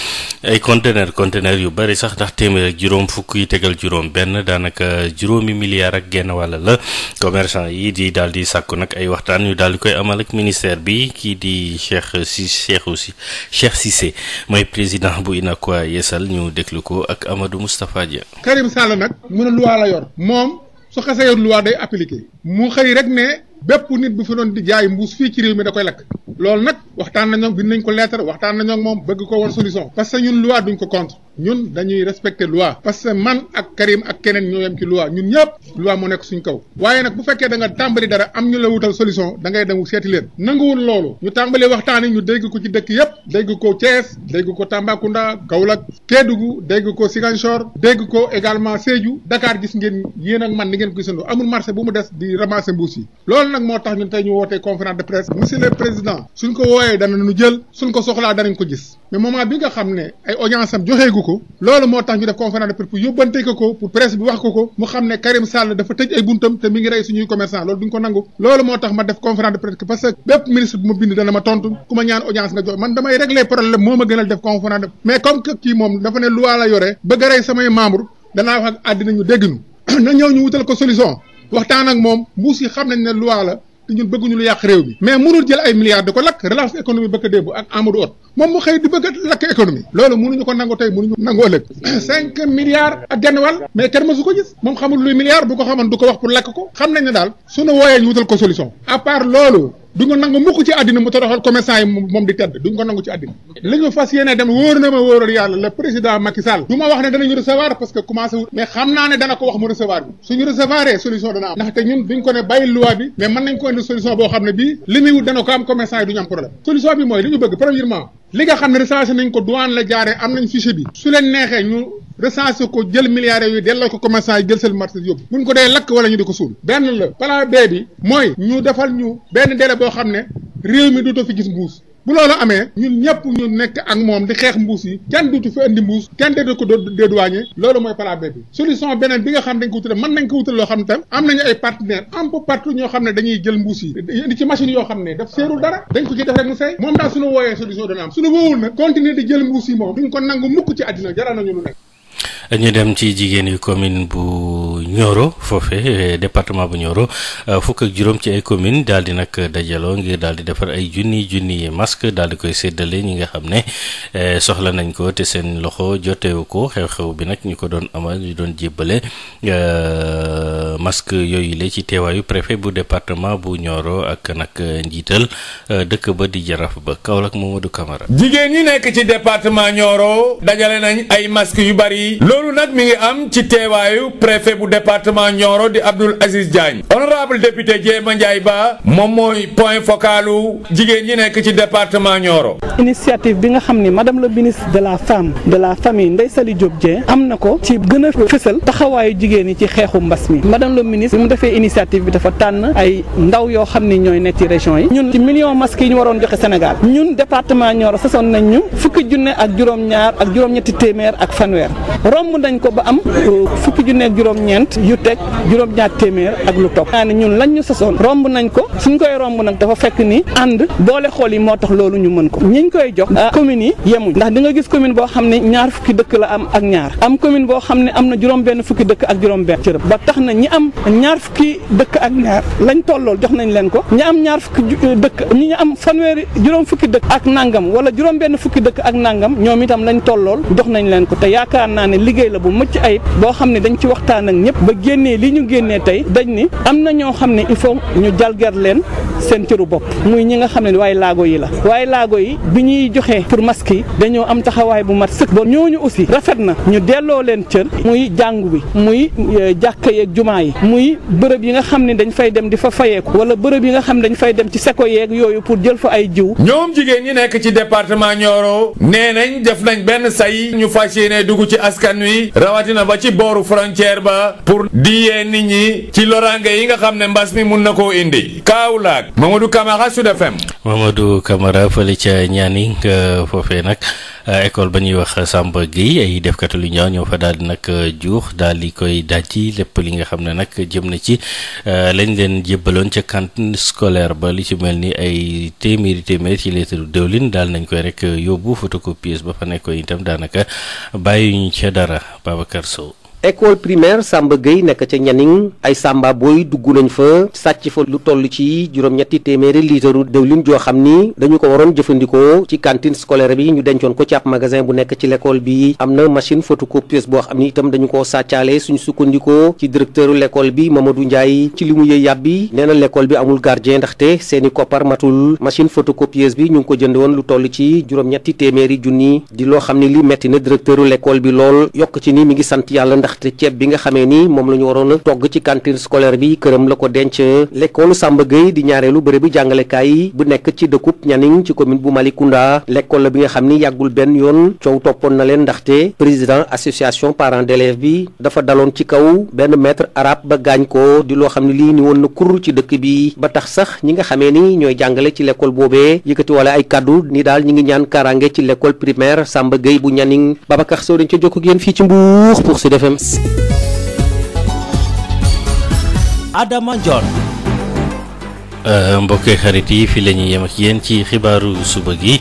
ay conteneur conteneur yu bari sax ndax téeméer ak juróom fukk yi tegal juróom benn daanaka juróomi milliards ak genn wàll la commerçant yi di daal di sàkku nag ay waxtaan yu daal di koy amal ak ministère bi kii di Cheikh si Cheikh aussi Cheikh Cissé mooy président bu UNACOIS Yessal ñu déglu ko ak Amadou Moustapha Dia. Karim Sall nag mën a luwaa la yor moom su xasee yor luwaa day appliqué mu xëy rek ne. bépp nit bu fi doon di jaay mbuus fii ci réew mi da koy lakk loolu nag waxtaan nañoo bind nañ ko lettre waxtaan nañoo moom bëgg ko war solution parce que ñun loi duñ ko contre ñun dañuy respecter loi parce que man ak Karim ak keneen ñoo yem ci loi ñun ñëpp loi mu nekk suñ kaw waaye nag bu fekkee da nga tàmbali dara am ñu la wutal solution dangay ngay seeti leen nanguwul loolu ñu tàmbali waxtaani ñu dégg ko ci dëkk yëpp dégg ko Thiès dégg ko Tambacounda Kaolack Kédougou dégg ko Ziguinchor dégg ko également Sédhiou dakaar gis ngeen yéen man ni ngeen ko gisandoo amul marché bu mu des di ramasser mbuus yi loolu nag moo tax ñun tey ñu wootee conférence de presse président suñ ko wooyee danañu jël suñ ko soxlaa danañ ko gis mais moment bi nga xam ne ay audience am joxeegu ko loolu moo tax ñu def conférence de presse pour yóbbante ko ko pour presse bi wax ko ko mu xam ne Karim Sall dafa tëj ay buntam te mi ngi rey suñuy commerçant loolu duñ ko nangu loolu moo tax ma def conférence de presse parce que bépp ministre bu ma bind dana ma tontu ku ma ñaan audience nga jox man damay régler problème moo ma gënal def conférence de mais comme kii moom dafa ne loi yore bëgg a rey samay membre danaa wax ak àddina ñu te ñun bëgguñu lu yàq réew mi mais mënul jël ay milliards di ko lakk relance économie bëgg a déebu ak Amadou Hott moom mu xëy di bëgg a lakk économie loolu mënuñu ko nangu tey mënuñu nangu ëllëg cinq milliards ak genn wàll mais kenn mësu ko gis moom xamul luy milliard bu ko xaman du ko wax pour lakk ko xam nañ ne daal suñu wooyee ñu wutal ko solution à loolu du nga nangu mukk ci àddina mu toroxal commerçant yi moom di tedd du nga nangu ci àddina la fas yéene dem wóor na ma wóoral yàlla le président Macky du ma wax ne danañu recevoir parce que commencé wut mais xam naa ne dana ko wax mu recevoir bi suñu recevoir solution dana am ndaxte ñun duñ ko ne bàyyi loi bi mais mën nañ ko indi solution boo xam ne bii li muy dana ko am commerçant yi du ñu problème solution bi mooy li ñu bëgg premièrement recensé ko jël milliards yooyu delloo ko commerçant yi jël seen marché yóbbu mun ko dee lakk wala ñu di ko xam ne réew mi dootoo fi gis mbuus ñun ñëpp ñu nekk ak moom di xeex mbuus yi kenn duutu fi indi mbuus kenn déedéet ko ne tam am nañu ñoo xam ne dañuy jël mbuus yi yoo xam ne daf séerul dara dañ ko ci def duñ ko nangu mukk ci àddina jaral nañu lu nekk ñu dem ci jigéen yu commune bu Nioro foofe eh, département bu Nioro euh, fukk ak juróom ci ay commune daal di nag dajaloo ngir daal di defar ay junni junni masque daal di koy séddale ñi nga xam ne eh, soxla nañ ko te seen loxo jotewu ko xew-xew bi nag ñu ko doon amal ñu doon jébbale euh, masque yooyu la ci teewaayu préfet bu département bu Nioro ak nag njiital euh, dëkk ba di Jaraaf ba Kaolack Mamadou Camara. jigéen ñi nekk ci département Nioro dajale nañ ay masque yu bari loolu nag mi ngi am ci teewaayu préfet bu département Nioro di Abdoul Aziz Diagne honorable député Jéema Ndiaye Ba moom mooy point focalu jigéen ñi nekk ci département Nioro. initiative bi nga xam ne madame la ministre de la femme de la famille ndey sali Diop Dieng am na ko ci gën a fësal taxawaayu jigéen ñi ci xeexu mbas mi madame la ministre bi mu defee initiative bi dafa tànn ay ndaw yoo xam ni ñooy nekk ci région yi ñun ci million masques yi ñu waroon joxe Sénégal ñun département Nioro sasoon nañ ñu fukki junne ak juróom-ñaar ak juróom téeméer ak fanweer romb nañ ko ba am euh, fukki ju ak juróom-ñeent yu teg juróom-ñaar téeméer ak lu topp naa ne ñun lañ ñu sasoon romb nañ ko suñ koy romb nag dafa fekk ni ànd boole xool yi moo tax loolu ñu mën ko ñiñ koy jox ah, communes yi yemuñ ndax di nga gis commune boo xam ne ñaar fukki dëkk la am ak ñaar am commune boo xam ne am na juróom benn fukki dëkk ak juróom benn cërëb ba tax na ñi am ñaar fukki dëkk ak ñaar lañ tollool jox nañ leen ko ñi am ñaar fukki euh, dëkk ñi am fanweeri juróom fukki dëkk ak nangam wala juróom benn fukki dëkk ak nangam ñoom itam lañ tollool jox nañ leen ko te naa ne liggéey la bu mucc ayib boo xam ne dañ ci waxtaan ak ñëpp ba génnee li ñu génnee tey dañ ni am na ñoo xam ne il faut ñu jalgar leen seen cëru bopp muy ñi nga xam ne waaye laago yi la waaye laago yi bi ñuy joxee pour masque yi dañoo am taxawaay bu mat sëkk ba ñooñu aussi rafet na ñu delloo leen cër muy jàngu bi muy euh, jàkka yeeg jumaa yi muy bërëb yi nga xam ne dañ fay dem di fa fayeeku wala bërëb yi nga xam ne dañ fay dem ci seko yeeg yooyu pour jël ay jiw ñoom askan wi rawatina ba ci booru frontière ba pour diyee nit ñi ci loraange yi nga xam ne mbas mi mun na koo indi Kaolack Mamadou Camara Sud FM Mamadou Camara fële ca ñaani nga euh, foofee nag Euh, école ba ñuy wax euh, Samba Gueye ay def lu ñaaw ñoo fa daal di nag euh, juux daal di koy dajji lépp li nga xam ne nag jëm na ci lañ leen jëbbaloon ca cantine scolaire ba li ci mel ni ay téeméeri téeméer ci litre diwlin daal nañ koy rek yóbbu photocopieuse ba fa nekkoon itam daanaka bàyyi ñu ca dara Babacar Sow. école primaire Samba Gueye nekk ca Nianing ay Samba booy dugg nañ fa sàcc fa lu toll ci juróom-ñetti téeméeri liitaru diwlin joo xam ni dañu ko waroon jëfandikoo ci cantine scolaire bi ñu dencoon ko ci ab magasin bu nekk ci l'école bi am na machine photocopieuse boo xam ni itam dañu ko sàccaale suñu sukkandikoo ci directeur l'école bi Mamadou njaay ci li mu yëy yàbbi nee na l'école bi amul gardien ndaxte seeni koppar matul machine photocopieuse bi ñu ngi ko jënd woon lu toll ci juróom-ñetti téeméeri junni di loo xam ne li metti na directeur l'école bi lool sant yàlla ndax ndaxte ceeb bi nga xamee ni moom la ñu waroon a togg ci cantine scolaire bi këram la ko denc l'école Samba Gueye di ñaareelu bërëb bi jàngalekaay bu nekk ci dëkkub Nianing ci commune bu Malicounda l'école la bi nga xam ni yàggul benn yoon coow toppoon na leen ndaxte président association parents d'élèves bi dafa daloon ci kaw benn metre arabe ba gaañ ko di loo xam ne lii ni woon na kur ci dëkk bi ba tax sax ñi nga xamee ni ñooy jàngale ci lekkool boobee yëkkati wala ay kàddu ni daal ñi ngi ñaan kaaraange ci l'école primaire Samba bu Nianing Babacar Sow dañ ca jokk fii ci Mbour pour Adama Ndione euh, mbokk xarit yi fi lañu ñuy yem ak ci xibaaru suba gi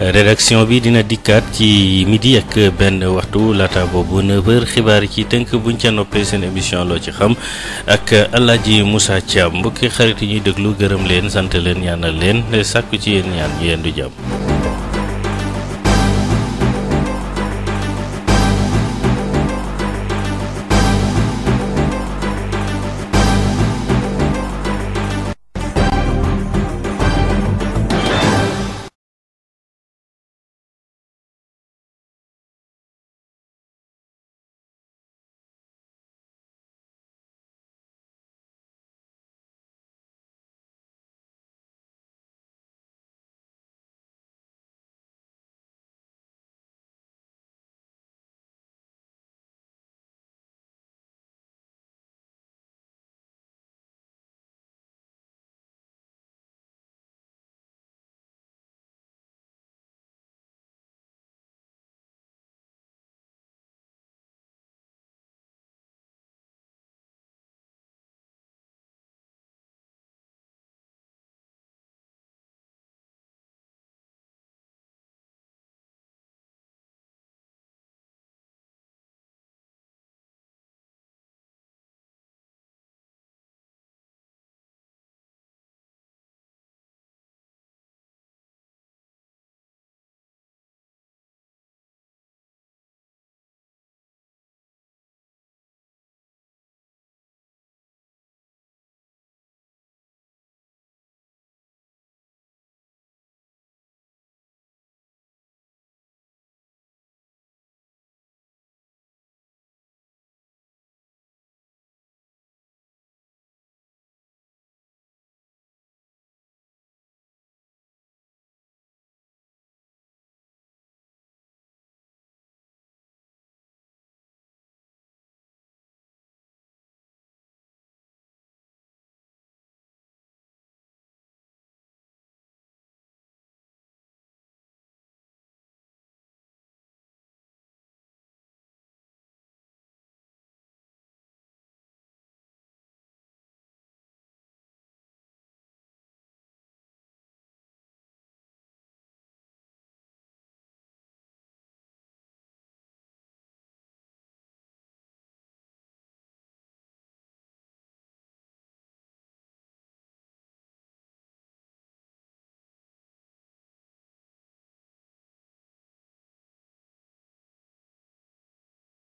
rédaction bi dina dikkaat ci midi ak benn waxtu laata boobu 9 xibaar yi ci tënk buñ ca noppee seen émission loo ci xam ak El Hadji Moussa Thiam mbokk xarit yi ñuy déglu gërëm leen sant leen ñaanal leen sàkku ci yéen ñaan ñu yendu jàmm.